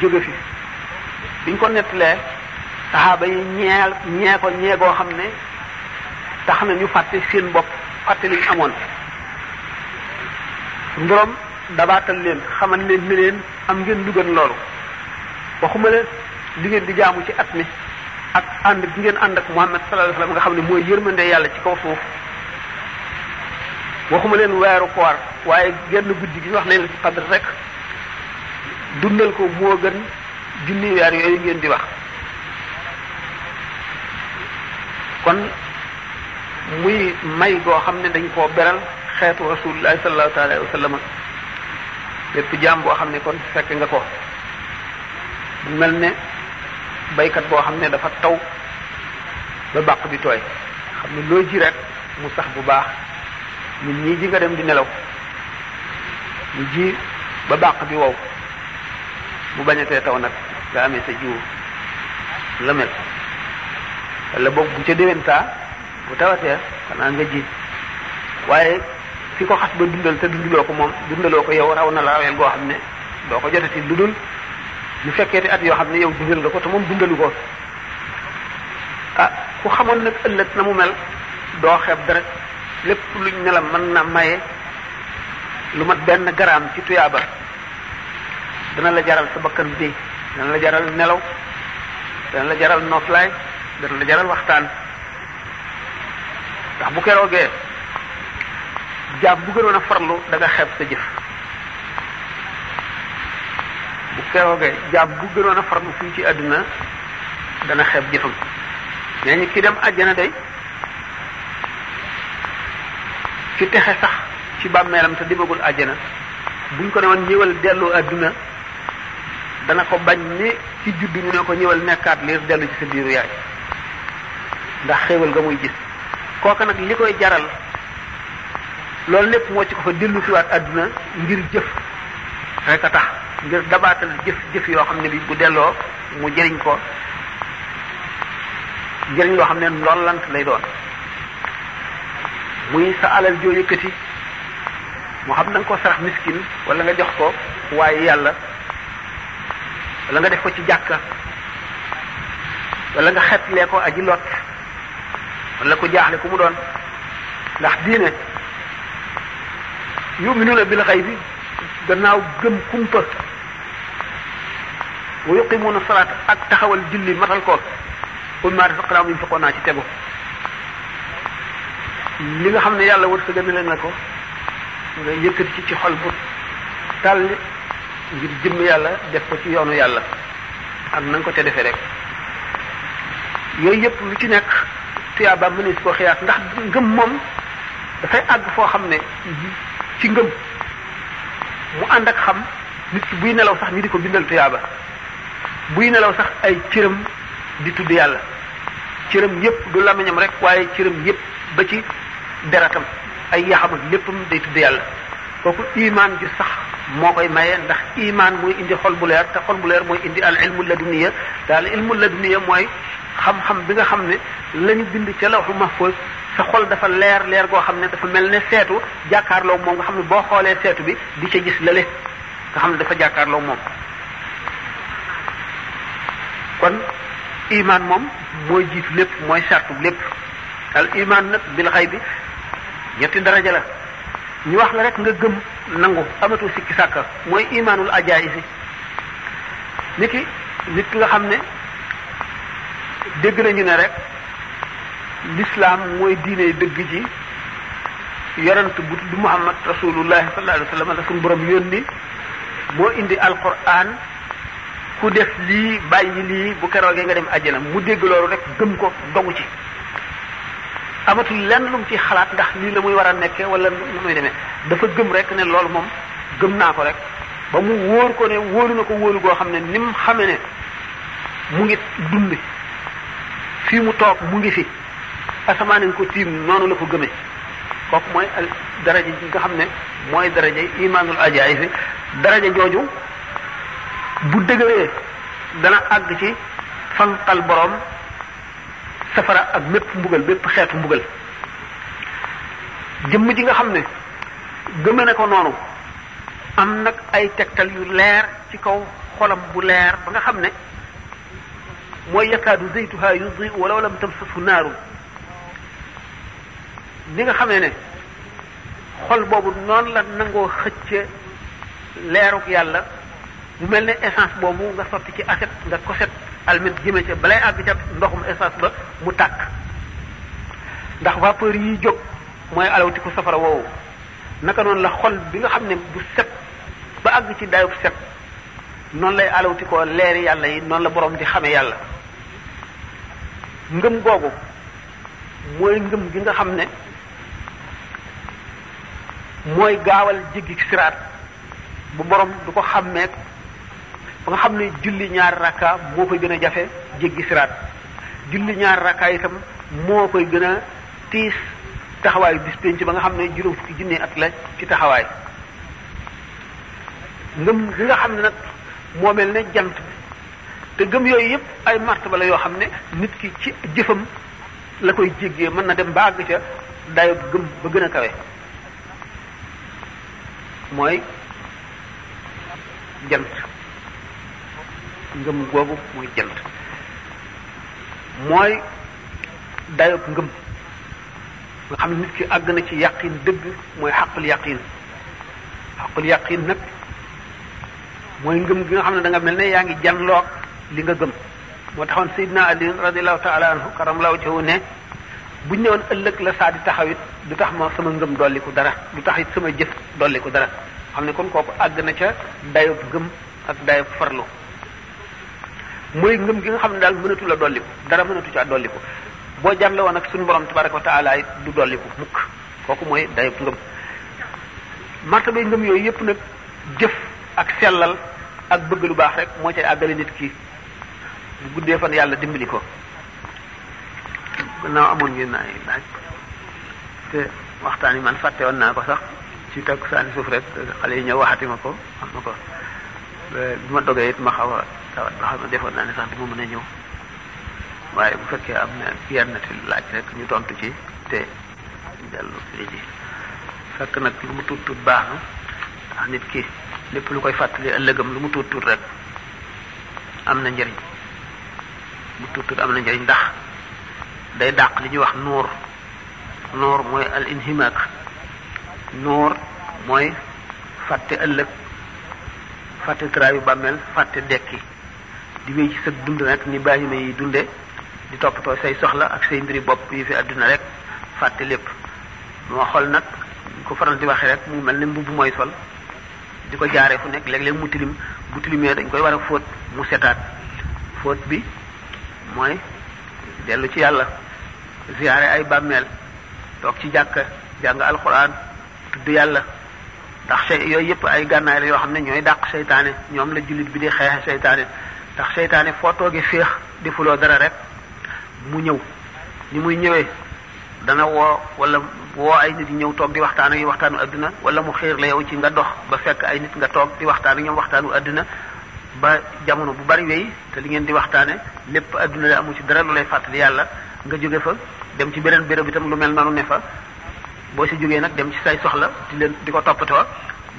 [SPEAKER 1] jóge fi biñ ko nettalee saxaaba yi ñeel ñee ko ñee goo xam ne tax na ñu fàtte seen bopp fàtte li amoon ndorom dabaatal leen xamal leen ne leen am ngeen lu gën loolu waxuma leen li ngeen di jaamu ci at mi ak ànd bi ngeen ànd ak Muhammad sallallahu alayhi nga xam ne mooy yërmande yàlla ci kaw suuf waxuma leen weeru koor waaye genn guddi gi wax nañ la ci xadr rek dundal ko moo gën junni weer yooyu ngeen di wax kon muy may goo xam ne dañ koo beral xeetu rasulillahi sallallahu alayhi wa sallam lépp jaam boo xam ne kon fekk nga ko mu mel ne baykat boo xam ne dafa taw ba bàq bi tooy xam ne loo ji rek mu sax bu baax nit ñi ji nga dem di nelaw mu ji ba bàq bi wow mu bañatee taw nag nga amee sa jiwu la mel wala boog bu ca déwén bu tawatee xanaa nga ji waaye ki ko xas ba dundal te dundaloo ko moom dundaloo ko yow raw na la raweel goo xam ne doo ko jotati lu dul ñu fekkee te at yoo xam ne yow dundal nga ko te moom dundalu ko ah ku xamoon nag ëllëg na mu mel doo xeeb dara lépp luñ ne la mën na maye lu mat benn garaam ci tuyaaba dana la jaral sa bakkan bi dana la jaral nelaw dana la jaral noflaay dana la jaral waxtaan ndax bu keroogee jaam bu gënoon a farlu da nga sa jëf bu keroogee jaam bu gënoon a farlu fii ci àdduna dana xeeb jëfam nee ñu ki dem àjjana day ci texe sax ci bàmmeelam te demagul àjjana buñ ko ne woon ñëwal delloo àdduna dana ko bañ ne ci juddu ñu ne ko ñëwal nekkaat liir dellu ci sa biiru yaay ndax xéewal nga muy gis kooka nag li koy jaral loolu lépp moo ci ko fa dellu siwaat àdduna ngir jëf rek a tax ngir dabaatal jëf jëf yoo xam ne bi bu delloo mu jariñ ko njëriñ loo xam ne ndollant lay doon muy sa alal joo yëkkati moo xam na nga ko sarax miskin wala nga jox ko waaye yàlla wala nga def ko ci jàkka wala nga xetlee ko aji lot wala ko jaaxle ko mu doon ndax diine yuminuna bil xay bi gannaaw gëm kumpa wa yuqimuna salaat ak taxawal julli matal ko umma mu yunfiqoon naa ci tegu li nga xam ne yàlla wërsëgal na leen na ko nga yëkkati ci ci xol bu tàll ngir jëmm yàlla def ko ci yoonu yàlla ak na ko te defee rek yooyu yëpp lu ci nekk tuyaaba mënees koo xiyaas ndax ngëm moom dafay àgg foo xam ne ci ngëm mu ànd ak xam nit ki buy nelaw sax ñu di ko bindal tuyaaba buy nelaw sax ay cëram di tudd yàlla cëram yépp du lamiñam rek waaye cëram yépp ba ci deratam ay yaxam ak léppam day tudd yàlla kooku imaan ji sax moo koy maye ndax iman mooy indi xol bu leer te xol bu leer mooy indi al ilmu laduniya daal ilmu laduniya mooy xam-xam bi nga xam ne lañu bind ca lawxu mahfuz sa xol dafa leer leer goo xam ne dafa mel ne seetu jàkkaarloo moom nga xam ne boo xoolee seetu bi di ca gis lale nga xam ne dafa jàkkaarloo moom kon imaan moom mooy jiitu lépp mooy sartu lépp al iman bil xay bi ñetti daraja la ñu wax la rek nga gëm nangu amatul sikki sàkka mooy imaanul ajaayisi niki nit ki nga xam ne dégg nañu ne rek l'islam mooy diine dëgg ji yonent bu tudd muhammad rasulullah sallallahu alayhi wa sallam la suñu borom yónni moo indi alquran ku def lii bàyyi lii bu keroogee nga dem àjjana mu dégg loolu rek gëm ko dogu ci amatul lenn lum ci xalaat ndax lii la muy war a nekkee walla nu muy demee dafa gëm rek ne loolu moom gëm naa ko rek ba mu wóor ko ne wóolu na ko wóolu goo xam ne ni mu xamee mu ngi dund fii mu toog mu ngi fi asamaan nañ ko tiim noonu la ko gëme kooku mooy daraja ji nga xam ne mooy daraja imaanul ajaayib daraja jooju bu dëgëree dana àgg ci fanqal boroom safara ak mépp mbugal mépp xeetu mbugal jëmm ji nga xam ni gëme na ko noonu am nag ay tegtal yu leer ci kaw xolam bu leer ba nga xam ne mooy yakaadu zaytuha yudi walaw lam tamsashu naaru ni nga xamee ne xol boobu noonu la nangoo xëcce leeruk yàlla mu mel ni essence boobu nga sotti ci aset nga koset almet jëme ca balay àgg ca ndoxum essence ba mu tàkk ndax vapeur yi jóg mooy alawtiku safara woowu naka noonu la xol bi nga xam ne bu set ba àgg ci dayub set noonu lay ko leer yàlla yi noonu la boroom di xame yàlla ngëm googu mooy ngëm gi nga xam ne mooy gaawal jéggi siraat bu borom du ko xàmmeek ba nga xam ne julli ñaari rakka moo koy gën a jafe jéggi siraat julli ñaar rakka itam moo koy gën a tiis taxawaay bis ba nga xam ne juróom fukki junne at la ci taxawaay ngëm gi nga xam ne nag moo mel ne jant te gëm yooyu yëpp ay martaba la yoo xam ne nit ki ci jëfam la koy jéggee mën na dem ba ca dayo gëm ba gën a kawe mooy jant ngëm boobu mooy jënd mooy dayob ngëm nga xam nit ki àgg na ci yàqin dëgg mooy xaqul yàqin xaqul yàqin nag mooy ngëm gi nga xam ne danga mel ne yaa ngi janloog li nga gëm moo taxoon Seydina Ali radiallahu taala anhu karam la wajhahu ne bu ñu ëllëg la saa di taxaw it du tax ma sama ngëm dolliku dara du tax it sama jëf dolliku dara xam ne kon kooku àgg na ca dayob ngëm ak dayob farlu mooy ngëm gi nga xam ne daal mënatu la dolliku dara mënatu caa dolliku boo jàll woon ak suñu borom tabaraka wa taala it du ko mukk kooku mooy dayub ngëm martabay ngëm yooyu yëpp nag jëf ak sellal ak bëgg lu baax rek moo cay àggale nit ki bu guddee fan yàlla dimbali ko gannaaw amoon ngeen ay laaj te waxtaan yi man fàtte woon naa ko sax ci takku saani suuf rek xale yi ñëw waxati ma ko wax ma ko bi ma dogee it ma xaw a tawat ba defoon naa ne sax duma mën a ñëw waaye bu fekkee am na yenn laaj rek ñu tontu ci te dellu léegi fekk nag lu mu tuut tuut baax na ndax nit ki lépp lu koy fàttali ëllëgam lu mu tuut tuut rek am na njariñ mu tuut tuut am na njëriñ ndax day dàq li ñuy wax nuur nuur mooy al inhimaak nuur mooy fàtte ëllëg fàtte kiraayu bàmmeel fàtte dekki di wéy ci sa dund rek ni bàyyima yi dunde di toppatoo say soxla ak say mbiri bopp yi fi àdduna rek fàtte lépp moo xol nag ko faral di waxee rek mu mel ni mbubb mooy sol di ko jaaree fu nekk léeg-léeg mu tilim bu tilimee dañ koy war a fóot mu setaat fóot bi mooy dellu ci yàlla ziyaare ay bàmmeel toog ci jàkka jàng alxuraan tudd yàlla ndax say yooyu yëpp ay gànnaay la yoo xam ne ñooy dàq seytaane ñoom la jullit bi di xeexe seytaane ndax seytaane foo toogee féex defuloo dara rek mu ñëw ni muy ñëwee dana woo wala woo ay nit ñëw toog di waxtaan ak waxtaanu àdduna wala mu xiir la yow ci nga dox ba fekk ay nit nga toog di waxtaan ak ñoom waxtaanu àdduna ba jamono bu bari wéy te li ngeen di waxtaane lépp àdduna la amu ci dara lu lay fàttali yàlla nga jóge fa dem ci beneen béréb itam lu mel noonu ne boo si jógee nag dem ci say soxla di leen di ko toppatoo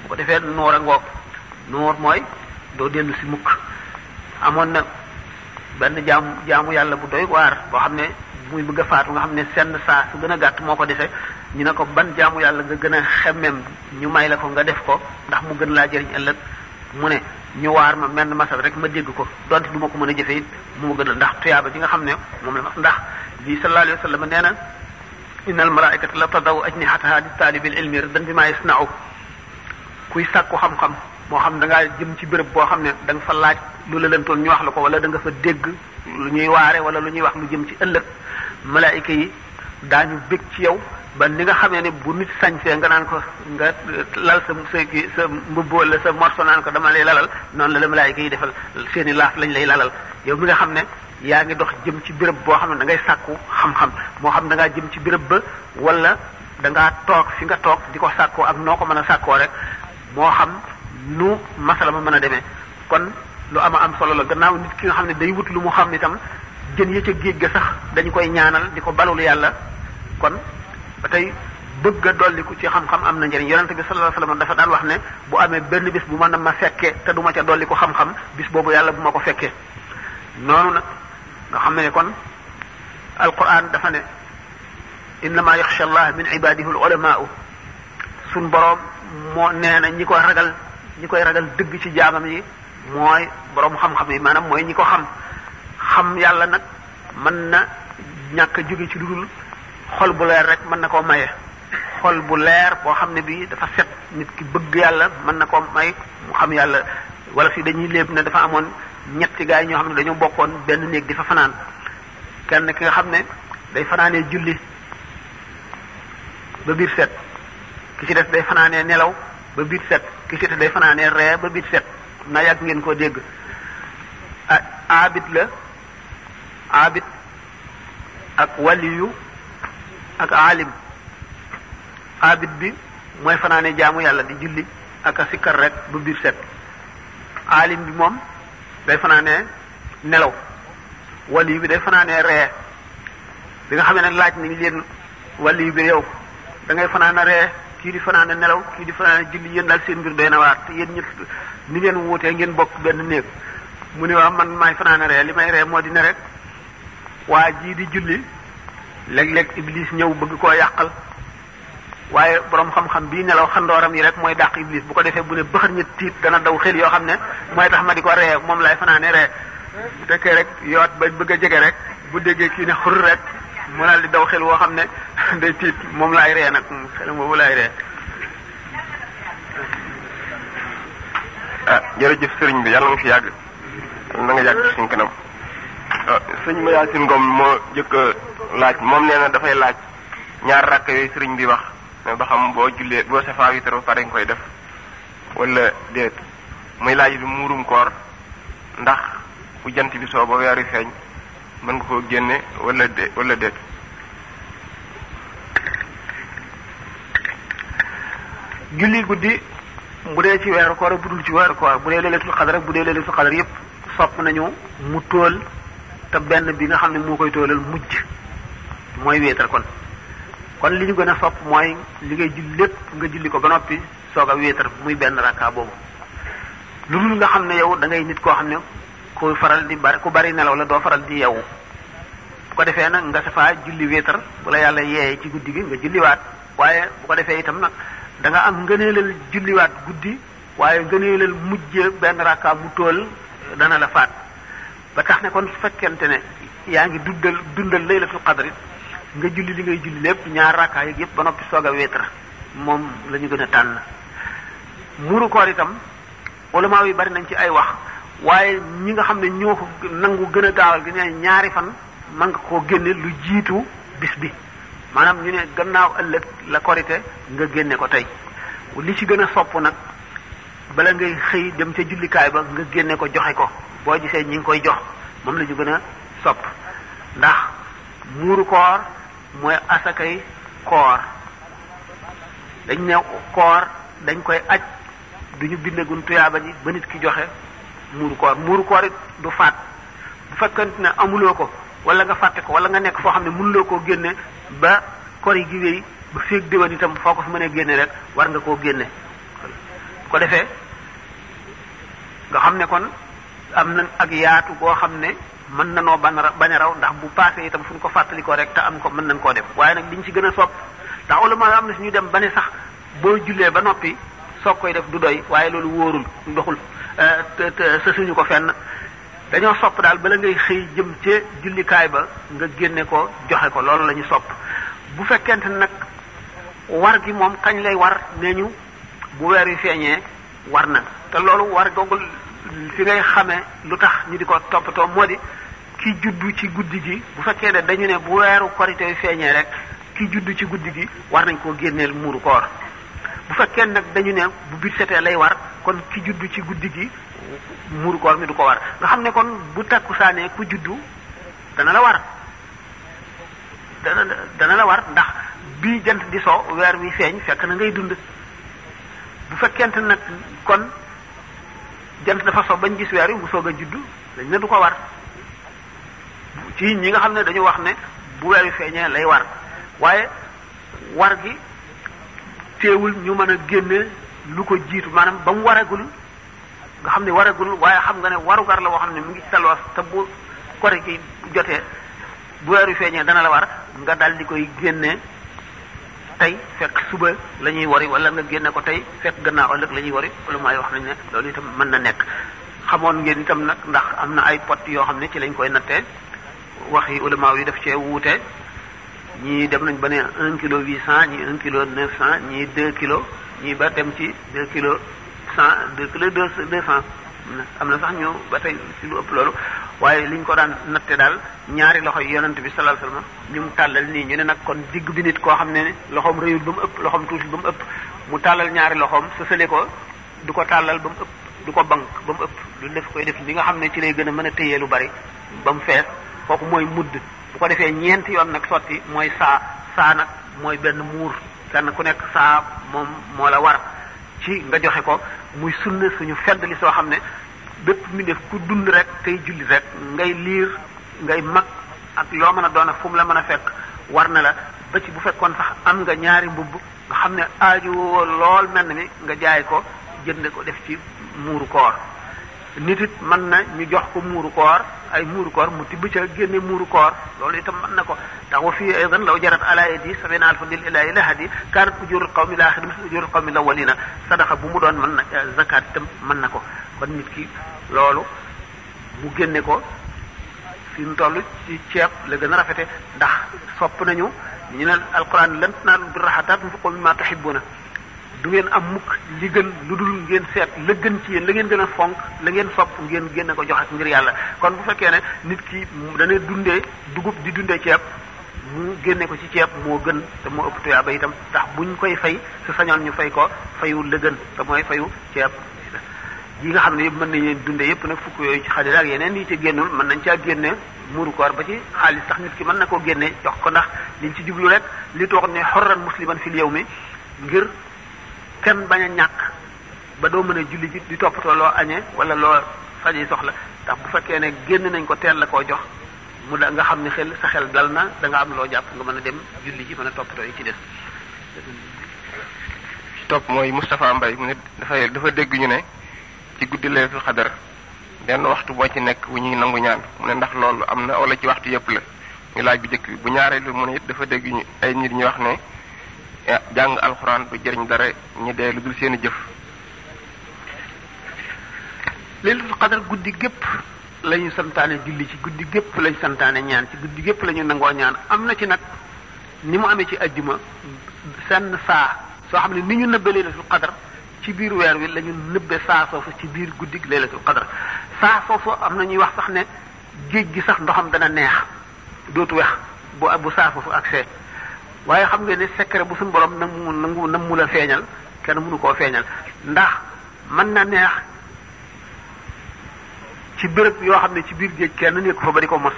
[SPEAKER 1] bu ko defee noor a ngoog noor mooy doo dellu si mukk amoon na benn jaamu jaamu yàlla bu doy waar boo xam ne muy bëgg a faatu nga xam ne senn saa su gën a gàtt moo ko defee ñu ne ko ban jaamu yàlla nga gën a xemmem ñu may la ko nga def ko ndax mu gën laa jëriñ ëllëg mu ne ñu waar ma menn masal rek ma dégg ko donte du ma ko mën a jëfe it mu ma gën a ndax tuyaaba ji nga xam ne moom la ndax lii sa alayhi wa sallam nee na inna al malaikata la tadaw ajnihataha li taalibil ilmi ridan bi ma yasna'u kuy sàkku xam-xam moo xam da ngaa jëm ci béréb boo xam ne da nga fa laaj lu la leen toon ñu wax la ko wala da nga fa dégg lu ñuy waare wala lu ñuy wax lu jëm ci ëllëg malaayika yi daañu bég ci yow ba ni nga xamee ne bu nit sañsee nga naan ko nga lal sa sa sa mbubb wala sa morso naan ko dama lay lalal noonu la la malaayika yi defal seeni laaf lañ lay lalal yow mi nga xam ne yaa ngi dox jëm ci béréb boo xam ne da ngay sàkku xam-xam moo xam da ngaa jëm ci béréb ba wala da ngaa toog fi nga toog di ko sàkkoo ak noo ko mën a sàkkoo rek moo xam nu masala ma mën a demee kon lu am a am solo la gannaaw nit ki nga xam ne day wut lu mu xam itam jën ya ca géej ga sax dañu koy ñaanal di ko balul yàlla kon ba tey bëgg a dolliku ci xam-xam am na njëriñ yonente bi sallallahu alayhi wasallam dafa daan wax ne bu amee benn bis bu mën a ma fekkee te duma ca dolliku xam-xam bis boobu yàlla bu ma ko fekkee noonu nag nga xam ne kon alquran dafa ne innama yaxsha allah min ibadihi al ulamaau suñ boroom moo nee na ñi koy ragal ñi koy ragal dëgg ci jaamam yi mooy boroom xam-xam yi maanaam mooy ñi ko xam xam yàlla nag mën na ñàkk a jóge ci dudul xol bu leer rek mën na koo maye xol bu leer boo xam ne bii dafa set nit ki bëgg yàlla mën na koo may mu xam yàlla wala fi dañuy léeb na dafa amoon ñetti gaa yi ñoo xam ne dañoo bokkoon benn néeg di fa fanaan kenn ki nga xam ne day fanaanee julli ba biir set ki ci def day fanaanee nelaw ba biir set ki ci des day fanaanee ree ba biir set na yàgg ngeen koo dégg ah aabit la aabit ak waliyu ak aalim abit bi mooy fanaanee jaamu yàlla di julli ak a sikkar rek ba biir set aalim bi moom day fanaanee nelaw wàllu bi day fanaanee ree bi nga xamee ne laaj nañ leen wàllu bi yow dangay ngay fanaane ree kii di fanaane nelaw kii di fanaane julli yéen daal seen mbir doy na waar te yéen ñëpp ni ngeen wuutee ngeen bokk benn néeg mu ne waaw man maay fanaane ree li may ree moo di ne rek waa jii di julli léeg lekk iblis ñëw bëgg koo yàqal waaye boroom xam-xam bii nelaw xandooram yi rek mooy dàq iblis bu ko defee bu ne bëxër tiit dana daw xel yoo xam ne mooy tax ma di ko ree moom lay fanaane ree bu fekkee rek yoot ba bëgg a jege rek bu déggee kii ne xur rek mu daal di daw xel woo xam ne (laughs) moom laay ree nag xelam boobu laay ree
[SPEAKER 2] ah jërëjëf sëriñ bi yàlla nga fi yàgg na nga kanam ah, sëñ Mayacine moo jëkk laaj moom nee na dafay laaj ñaar rakk yooyu sëriñ bi wax mais ba xam boo jullee boo safaa witr ba pare nga koy def wala déet muy laaj bi muurum koor ndax bu jant bi soo ba weeru feeñ mën nga koo génne wala dé wala déet
[SPEAKER 1] julli guddi bu dee ci weeru koor bu dul ci weeru koor bu dee leelatul xadar bu dee leelatul xadar yépp sopp nañu mu tóol te benn bi nga xam ne moo koy tóolal mujj mooy wéetar kon kon li ñu gën a sopp mooy li ngay julli lépp nga julli ko ba noppi soog a wéetar muy benn rakka boobu lu dul nga xam ne yow da ngay nit koo xam ne ku faral di bari ku bari na la doo faral di yow bu ko defee nag nga safaa julli wéetar bu la yàlla yee ci guddi gi nga julliwaat waaye bu ko defee itam nag danga am ngëneelal julliwaat guddi waaye ngëneelal mujj benn rakka bu tool dana la faat ba tax ne kon su fekkente ne yaa ngi dundal dundal laylatul qadr nga julli li ngay julli lépp ñaar rakkaa yeeg yëpp ba noppi soog a wéetar moom lañu gën a tànn muuru koor itam ulama yi bari nañ ci ay wax waaye ñi nga xam ne ñoo ko nangu gën a gaawal gi ne ñaari fan man koo génnee lu jiitu bis bi maanaam ñu ne gannaaw ëllëg la korite nga génne ko tey li ci gën a sopp nag bala ngay xëy dem ca jullikaay ba nga génne ko joxe ko boo gisee ñi ngi koy jox moom lañu ñu gën a sopp ndax muuru koor mooy asakay koor dañ ne koor dañ koy aj duñu bindagun tuyaaba ji ba nit ki joxe muuru koor muuru koor du faat bu fekkante ne amuloo ko wala nga fàtte ko wala nga nekk foo xam ne mënuloo koo génne ba kor yi gi wéy ba féeg déwén itam foo ko fi mënee génne rek war nga koo génne ko defee nga xam ne kon am na ak yaatu boo xam ne mën na noo ban bane raw ndax bu paasee itam fu ñu ko fàttalikoo rek te am ko mën nañ koo def waaye nag diñ ci gën a sopp ndax ulama am na ñu dem ba ne sax boo jullee ba noppi soo koy def du doy waaye loolu wóorul ndoxul euh, sësuñu ko fenn dañoo sopp daal bala ngay xëy jëm ca jullikaay ba nga génne ko joxe ko loolu la sopp bu fekkente nag war gi moom kañ lay war nee ñu bu weer yu feeñee war na te loolu war googul fi ngay xamee lu tax ñu di ko toppatoo moo di ki juddu ci guddi gi bu fekkee ne dañu ne bu weeru korite yu feeñee rek ki juddu ci guddi gi war nañ koo génneel muuru koor bu fekkee nag dañu ne bu biir setee lay war kon ki juddu ci guddi gi muuru mi du ko war nga xam ne kon bu saanee ku juddu dana la war dana dana la war ndax bi jant di so weer wi feeñ fekk na ngay dund bu fekkente nag kon jant dafa so bañ gis weer wi mu soog a juddu dañ ne du ko war ci ñi nga xam ne dañu wax ne bu weer feeñee lay war waaye war gi teewul ñu mën a génne lu ko jiitu maanaam ba mu waragul nga xam ne waragul waaye xam nga ne warugar la woo xam ne mu ngi salwaas te bu kore gi jotee bu weer feeñee dana la war nga dal di koy génnee tey fekk suba la ñuy wari wala nga génne ko tey fekk gannaaw ëllëg la ñuy wari ulama yi wax nañ ne loolu itam mën na nekk xamoon ngeen itam nag ndax am na ay pot yoo xam ne ci lañ koy nattee wax yi ulama yi def cee wuute ñii dem nañ ba ne un kilo huit cent ñi un kilo neuf cent ñii deux kilos ñii ba dem ci deux kilos cent deux kilo deux cent am na sax ñu ba tey ci lu ëpp loolu waaye liñ ko daan natte daal ñaari loxo yi bi sallallahu alayhi wasallam ñu mu tàllal nii ñu ne nag kon digg bi nit koo xam ne ne loxoom réyul ba mu ëpp loxoom tuuti ba mu ëpp mu tàllal ñaari loxoom sësale ko du ko tàllal ba mu ëpp du ko bank ba mu ëpp lu def koy def li nga xam ne ci lay gën mën a téye lu bari ba mu kooku mooy mudd bu ko defee ñeenti yoon nag sotti mooy saa saa nag mooy benn muur kenn ku nekk saa moom moo la war ci nga joxe ko muy sunna suñu fedd li soo xam ne bépp mi def ku dund rek tey julli rek ngay liir ngay mag ak loo mën a doon fu mu la mën a fekk war na la ba ci bu fekkoon sax am nga ñaari mbubb nga xam ne aaju lool mel ni nga jaay ko jënd ko def ci muuru koor nit it mën na ñu jox ko muuru koor ay muuru koor mu tibb ca génne muuru koor loolu itam mën na ko ndax wa fii aydan law jarat alaayadi sabina alfa dil ilaahi lahadi kaanat ujurul qawmi laaxir mis ujurul qawmi lawalina sadaqa bu mu doon mën na eh, zakat tam mën na ko kon nit ki loolu mu génne ko fi mu toll ci ceeb la gën a rafete ndax sopp nañu ñu ne alquran lan tanaalul birra hattaa tunfiqu mimmaa tuhibbuuna du ngeen am mukk li gën lu dul ngeen seet la gën ci yéen la ngeen gën a fonk la ngeen sopp ngeen génne ko jox joxe ngir yàlla kon bu fekkee ne nit ki dana dundee dugub di dundee ceeb mu génne ko ci ceeb moo gën te moo ëpp tuyaaba itam ndax ñu koy fay su sañoon ñu fay ko fayu la gën te mooy fayu ceeb yi nga xam ne yëpp mën nañ leen dundee yëpp nag fukk yooyu ci xalil ak yeneen yi ci génnul mën nañ caa génne muuru koor ba ci xaalis tax nit ki mën na koo génne jox ko ndax liñ ci jublu rek li toog ne xorran musliman fil yawmi ngir kenn bañ a ñàkk ba doo mën a julli di toppatoo loo añee wala loo yi soxla ndax bu fekkee ne génn nañ ko teel la koo jox mu da nga xam ne xel sa xel dal na danga am loo jàpp nga mën a dem julli ji mën a toppatoo yi ci des
[SPEAKER 2] topp mooy Moustapha Mbaye mu ne dafa dafa dégg ñu ne ci guddi leetu xadar benn waxtu boo ci nekk bu ñuy nangu ñaan mu ne ndax loolu am na wala ci waxtu yëpp la ñu laaj bu njëkk bi bu ñaareelu mu ne it dafa dégg ñu ay nit ñu wax ne Eh, jàng alxuraan du jëriñ dara ñu dee lu dul seen jëf
[SPEAKER 1] laylatul qadar guddi gépp lañu ñu santaane julli ci guddi gépp lañ santaane ñaan ci guddi gépp lañu nangoo ñaan am na ci nag ni mu amee ci ajjuma seen saa soo xam ne ni ñu nëbbee laylatul qadar ci biir weer wi lañu ñu nëbbee saa soosu ci biir guddi laylatul qadar saa soosu am na ñuy wax sax ne géej gi sax ndoxam dana neex dootu wex bu bu saa soosu ak see waaye xam nga ne secret bu suñu borom nangu nangu mu la feeñal kenn mënu koo feeñal ndax mën na neex ci bërëb yoo xam ne ci biir géej kenn ko fa ba di ko mos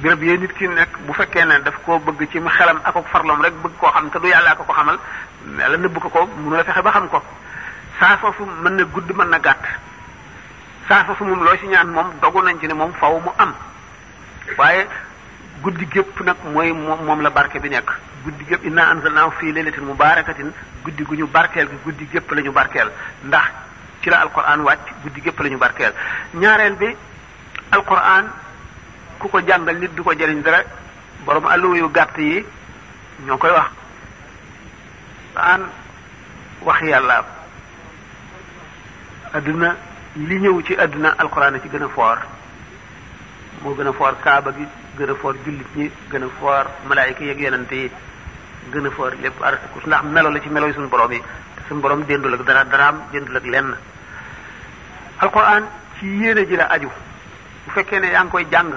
[SPEAKER 1] béréb yee nit ki nekk bu fekkee ne daf koo bëgg ci xelam ak farloom rek bëgg koo xam te du yàlla ko ko xamal yàlla nëbb ko ko mënu la fexe ba xam ko saa soosu mën na gudd mën na gàtt saa soosu moom loo ci ñaan moom dogu nañ ci ne moom faw mu am waaye guddi gépp nag mooy moom la barke bi nekk guddi gépp inna anzalnaahu fii laylatin mubarakatin guddi gu ñu barkeel gi guddi gépp lañu ñu barkeel ndax ci la alquran wàcc guddi gépp lañu ñu barkeel ñaareel bi alquran ku ko jàngal nit du ko jariñ dara borom alluwa yu gàtt yi ñoo koy wax an wax yàlla adduna li ñëw ci adduna alquran a ci gën a foor moo gën a foor kaaba gi gën a foor jullit ñi gën a foor malaayika yeeg yonent yi gën a foor lépp artikus ndax melo la ci melo yi suñu borom yi te suñu borom dendul ak dara daraam dendul ak lenn alquran ci yéene ji la aju bu fekkee ne yaa ngi koy jàng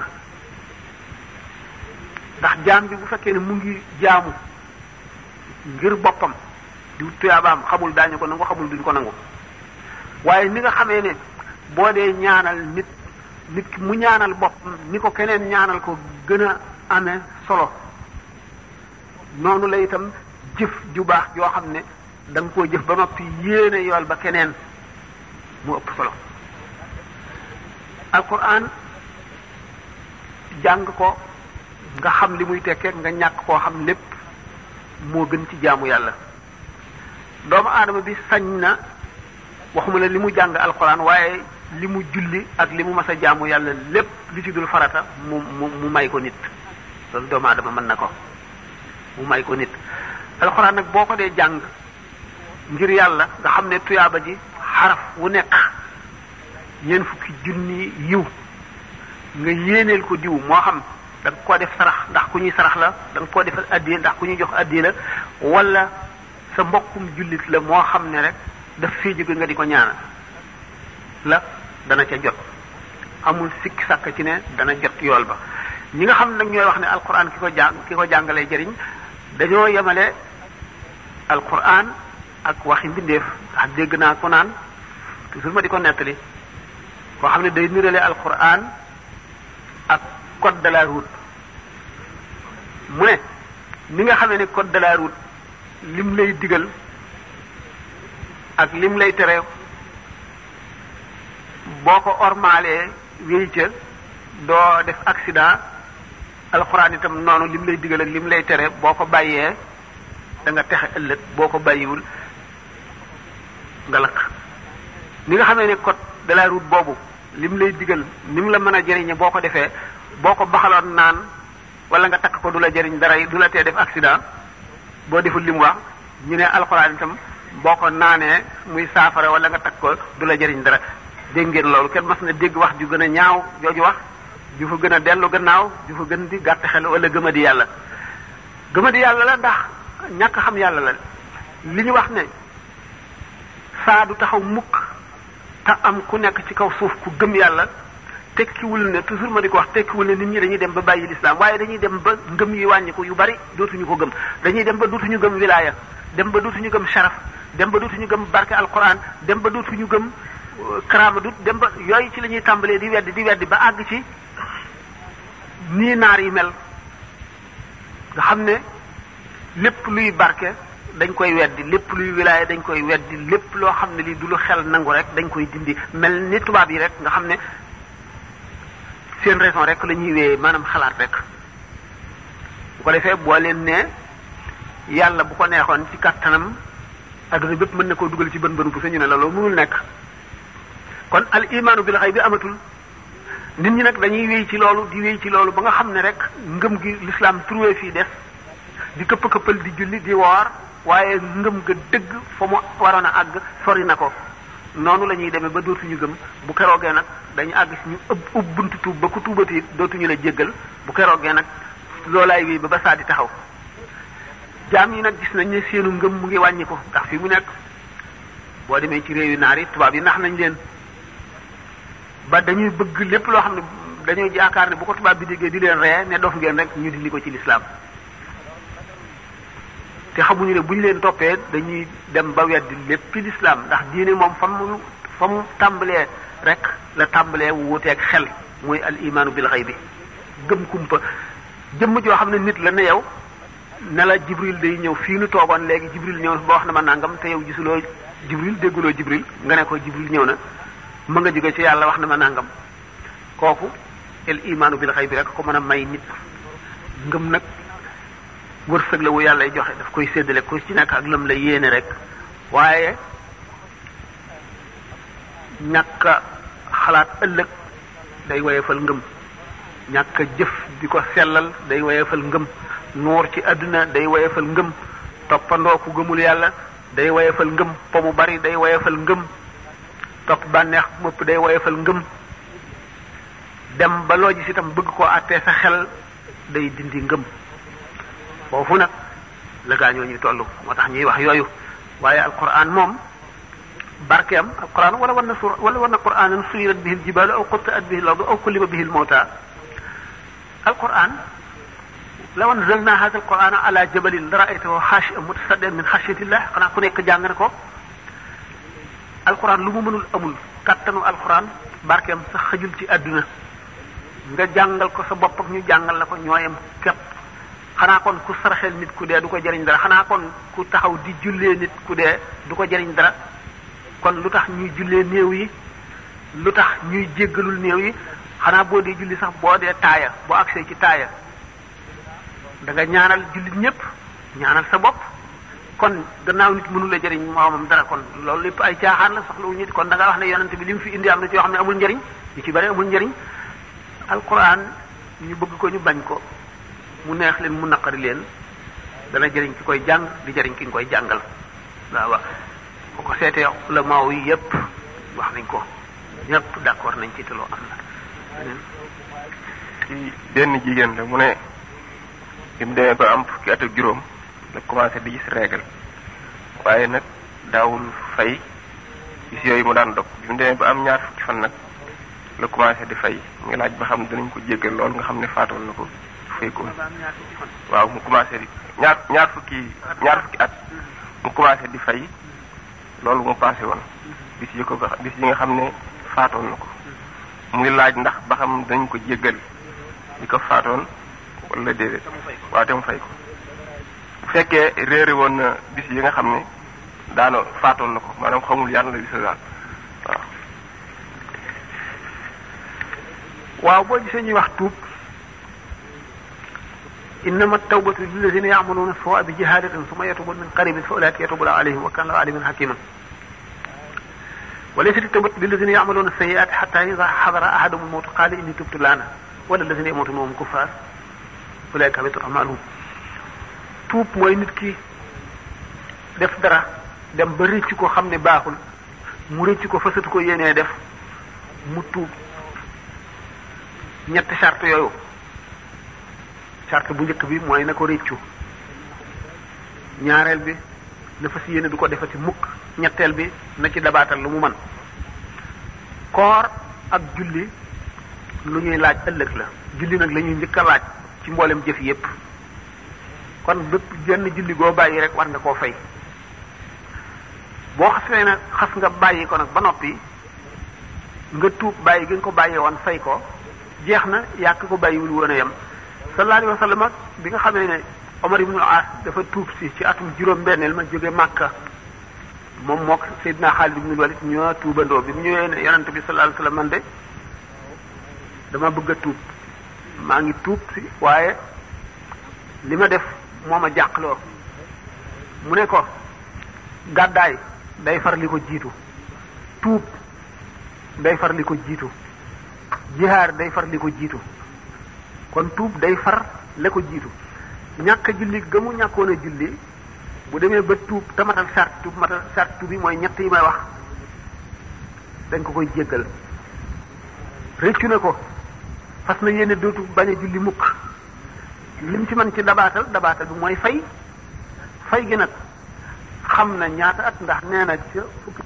[SPEAKER 1] ndax jaam bi bu fekkee ne mu ngi jaamu ngir boppam di wut tuyaabaam xamul daañu ko nangu xamul duñ ko nangu waaye ni nga xamee ne boo dee ñaanal nit nit ki mu ñaanal boppam ni ko keneen ñaanal ko gën a amee solo noonu la itam jëf ju baax joo xam ne danga nga koo jëf ba noppi yéene yool ba keneen mu ëpp solo alquran jàng ko nga xam li muy tekkee nga ñàkk koo xam lépp moo gën ci jaamu yàlla doomu aadama bi sañ na waxuma la li mu jàng alquran waaye li mu julli ak li mu mas a jaamu yàlla lépp li ci dul farata mu may ko nit loolu mën na ko mu may ko nit alxuraan nag boo ko dee jàng ngir yàlla nga xam ne tuyaaba ji xaraf wu nekk ñeent fukki junni yiw nga yéeneel ko diw moo xam da nga koo def sarax ndax ku ñuy sarax la danga nga koo defal addiya ndax ku ñuy jox addiya la wala sa mbokkum jullit la moo xam ne rek daf fee jóge nga di ko ñaanal la dana ca jot amul sikki sàkk ci ne dana jot yool ba ñi nga xam nag ñooy wax ne alquran ki ko jàng ki ko jàngalee jëriñ dañoo yemale alquran ak waxi mbindeef ndax dégg naa ko naan toujours ma di ko nettali koo xam ne day nirale alquran ak code de la mu ne ni nga xamee ne code de la lim lay digal ak lim lay tere boo ko ormaalee wéy ca doo def accident alxuraan itam noonu lim lay digal ak lim lay tere boo ko bàyyee da texe ëllëg boo ko bàyyiwul nga lakk ni nga xamee ne code de la route boobu lim lay digal ni mu la mën a jëriñe boo ko defee boo ko baxaloon naan wala nga takk ko du la jëriñ dara yi du la tee def accident boo deful li mu ñu ne alxuraan itam boo ko naanee muy saafara wala nga takk ko du la jëriñ dara dégg ngeen loolu kenn mas na dégg wax ju gën a ñaaw jooju wax ju fa gën a dellu gannaaw ju ko gën di gàtt xel wala gëma di yàlla gëmadi yàlla la ndax ñàkk xam yàlla la li ñu wax ne saa du taxaw mukk te am ku nekk ci kaw suuf ku gëm yàlla tekkiwul ne toujours ma di ko wax tekkiwul ne nit ñi dañuy dem ba bàyyi lislaam waaye dañuy dem ba ngëm yi wàññiku yu bari ñu ko gëm dañuy dem ba dootuñu gëm wilaaya dem ba dootuñu gëm sharaf dem dootuñu gëm barke alquran dem ba dootuñu gëm karaama du dem ba yooy ci la ñuy tàmbalee di weddi di weddi ba àgg ci nii naar yi mel nga xam ne lépp luy barke dañ koy weddi lépp luy wilaaya dañ koy wedd lépp loo xam ne lii du lu xel nangu rek dañ koy dindi mel ni tubaab yi rek nga xam ne seen raison rek lañuy ñuy wéyee maanaam xalaat rek bu ko defee boo leen ne yàlla bu ko neexoon ci kattanam adduna bépp mën na koo dugal ci bën bën bu sañu ne la loolu mënul nekk kon al imaanu bil xay bi amatul nit ñi nag dañuy wéy ci loolu di wéy ci loolu ba nga xam ne rek ngëm gi l'islam trouvé fii des di këpp këppal di julli di woor waaye ngëm ga dëgg fa mu waroon a àgg sori na ko noonu lañuy ñuy demee ba dootuñu gëm bu keroogee nag dañu àgg si ñu ëpp ëpp buntu tuub ba ku tuubati dootuñu la jéggal bu keroogee nag loolaay wéy ba ba saa di taxaw jaam yi nag gis nañ ne seenu ngëm mu ngi wàññi ko ndax fi mu nekk boo demee ci réew yi tubaab yi nax nañ leen. ba dañuy bëgg lépp loo xam ne dañuy yaakaar ne bu ko tubaab bi déggee di leen ree ne dof ngeen rek ñu dindi ko ci lislaam te xamuñu ne bu ñu leen toppee dañuy dem ba weddi lépp ci lislaam ndax diine moom fa mu fa mu tàmbalee rek la tàmbalee wuuteeg xel mooy al imaanu bil xay bi gëm kumpa jëm joo xam ne nit la ne yow ne la jibril day ñëw fii nu toogoon léegi jibril ñëw ba wax na ma nangam te yow gisuloo jibril dégguloo jibril nga ne ko jibril ñëw na ma nga jóge ci yàlla wax na ma nangam kooku el imaanu bil xay bi rekk ko mën a may nit ngëm nag wërsëg la wu yàlla joxe daf koy séddale ko ci nekk ak lëm la yéene rek waaye ñàkk xalaat ëllëg day woyefal ngëm ñàkk jëf di ko sellal day woyefal ngëm noor ci àdduna day woyefal ngëm toppandoo ku gëmul yàlla day woyefal ngëm po mu bari day woyefal ngëm topp bànneex mëpp day woyofal ngëm dem ba loo gis itam bëgg koo àttee sa xel day dindi ngëm foofu nag la gaa ñoo ñuy toll moo tax ñuy wax yooyu waaye alquran moom barkeem alquran wala war na sur wala war na quranan suyirat bihi aljibaalu aw qutti'at bihi alardu aw kullima bihi almawta alquran law anzalna hadha alqurana ala jabalin la ra'aytahu xaashi'an mutasaddian min xashyatillah xanaa ku nekk jàng na ko alxuraan lu mu mënul amul kàttanu alxuraan barkeem sax xëjul ci àdduna nga jàngal ko sa bopp ak ñu jàngal la ko ñooyam képp xanaa kon ku saraxel nit ku dee du ko jariñ dara xanaa kon ku taxaw di jullee nit ku dee du ko jariñ dara kon lu tax ñuy jullee néew yi lu tax ñuy jéggalul néew yi xanaa boo dee julli sax boo dee taaya boo agsee ci taaya da nga ñaanal jullit ñépp ñaanal sa bopp kon gannaaw nit mënula jëriñ moomam dara kon loolu lépp ay caaxaan la soxlawul nit kon da wax ne yonent bi li mu fi indi am na ci yoo xam ne amul njëriñ yu ci bëri amul njëriñ alquran ñu bëgg ko ñu bañ ko mu neex leen mu naqari leen dana jëriñ ki koy jàng di jëriñ ki koy jàngal waaw bu ko seetee ulama yépp wax nañ ko ñépp nañ ci te loo
[SPEAKER 2] mu ne bi demee ko am fukki at juróom la commencé di gis règle waaye nag daawul fay gis yooyu mu daan dog bi mu demee ba am ñaar fukki fan nag la commencé di fay nga laaj ba xam dinañ ko jéggal loolu nga xam ne faatoon na ko fay ko waaw mu commencé di ñaar ñaar fukki ñaar at mu commencé di fay loolu mu passé woon bis yi ko bis yi nga xam ne faatoon na ko mu ngi laaj ndax ba xam dinañ ko jéggal li ko faatoon wala déedéet waaw mu fay ko fekkee réere woon na bis yi nga xam ne daana faatoon na ko maanaam xamul yàlla la bis daal waaw waaw boo gisee ñuy wax tuub
[SPEAKER 1] innama tawbatu lillazina ya'maluna sawa bi jahalatin summa yatubun min qaribin fa ulaika yatubu llahu alayhim wa kana llahu aliman hakiman wa laysat tawbatu lillazina ya'maluna sayyi'at hatta idha hadara ahaduhum al-mawt qala inni tubtu lana wala allazina yamutuna wa hum kuffar ulaika habitat a'maluhum tuub mooy nit ki def dara dem ba rëcc ko xam ne baaxul mu rëcc ko fasatu ko yéenee def mu tuub ñetti charte yooyu charte bu njëkk bi mooy na ko rëccu ñaareel bi na fas yéene du ko defal ci mukk ñetteel bi na ci dabaatal lu mu mën koor ak julli lu ñuy laaj ëllëg la julli nag lañuy ñuy laaj ci mboolem jëf yépp kon bépp genn julli goo bàyyi rek war nga koo fay boo xasee nag xas nga bàyyi ko nag ba noppi nga tuub bàyyi gën ko bàyyee woon fay ko jeex na yàq ko bàyyiwul woon a yem sallallahu alayhi bi nga xamee ne Omar ibn al-As dafa tuub si ci atum juróom-benneel ma jóge Màkka moom mook Seydina Xaalid ibn Walid ñoo tuubandoo bi mu ñëwee ne yonent bi sallallahu alayhi wa man de dama bëgg a tuub maa ngi tuub si waaye li ma def moo ma jàqloo mu ne ko gàddaay day far li ko jiitu tuub day far li ko jiitu jihaar day far li ko jiitu kon tuub day far la ko jiitu ñàkk julli ga mu ñàkkoon a julli bu demee ba tuub te matal sart tuub matal sart tuub bi mooy ñett yi may wax dañ ko koy jéggal rëccu na ko fas na yéene dootu bañ a julli mukk lim ci mën ci dabaatal dabaatal bi mooy fay fay gi xam na ñaata at ndax nee na fukki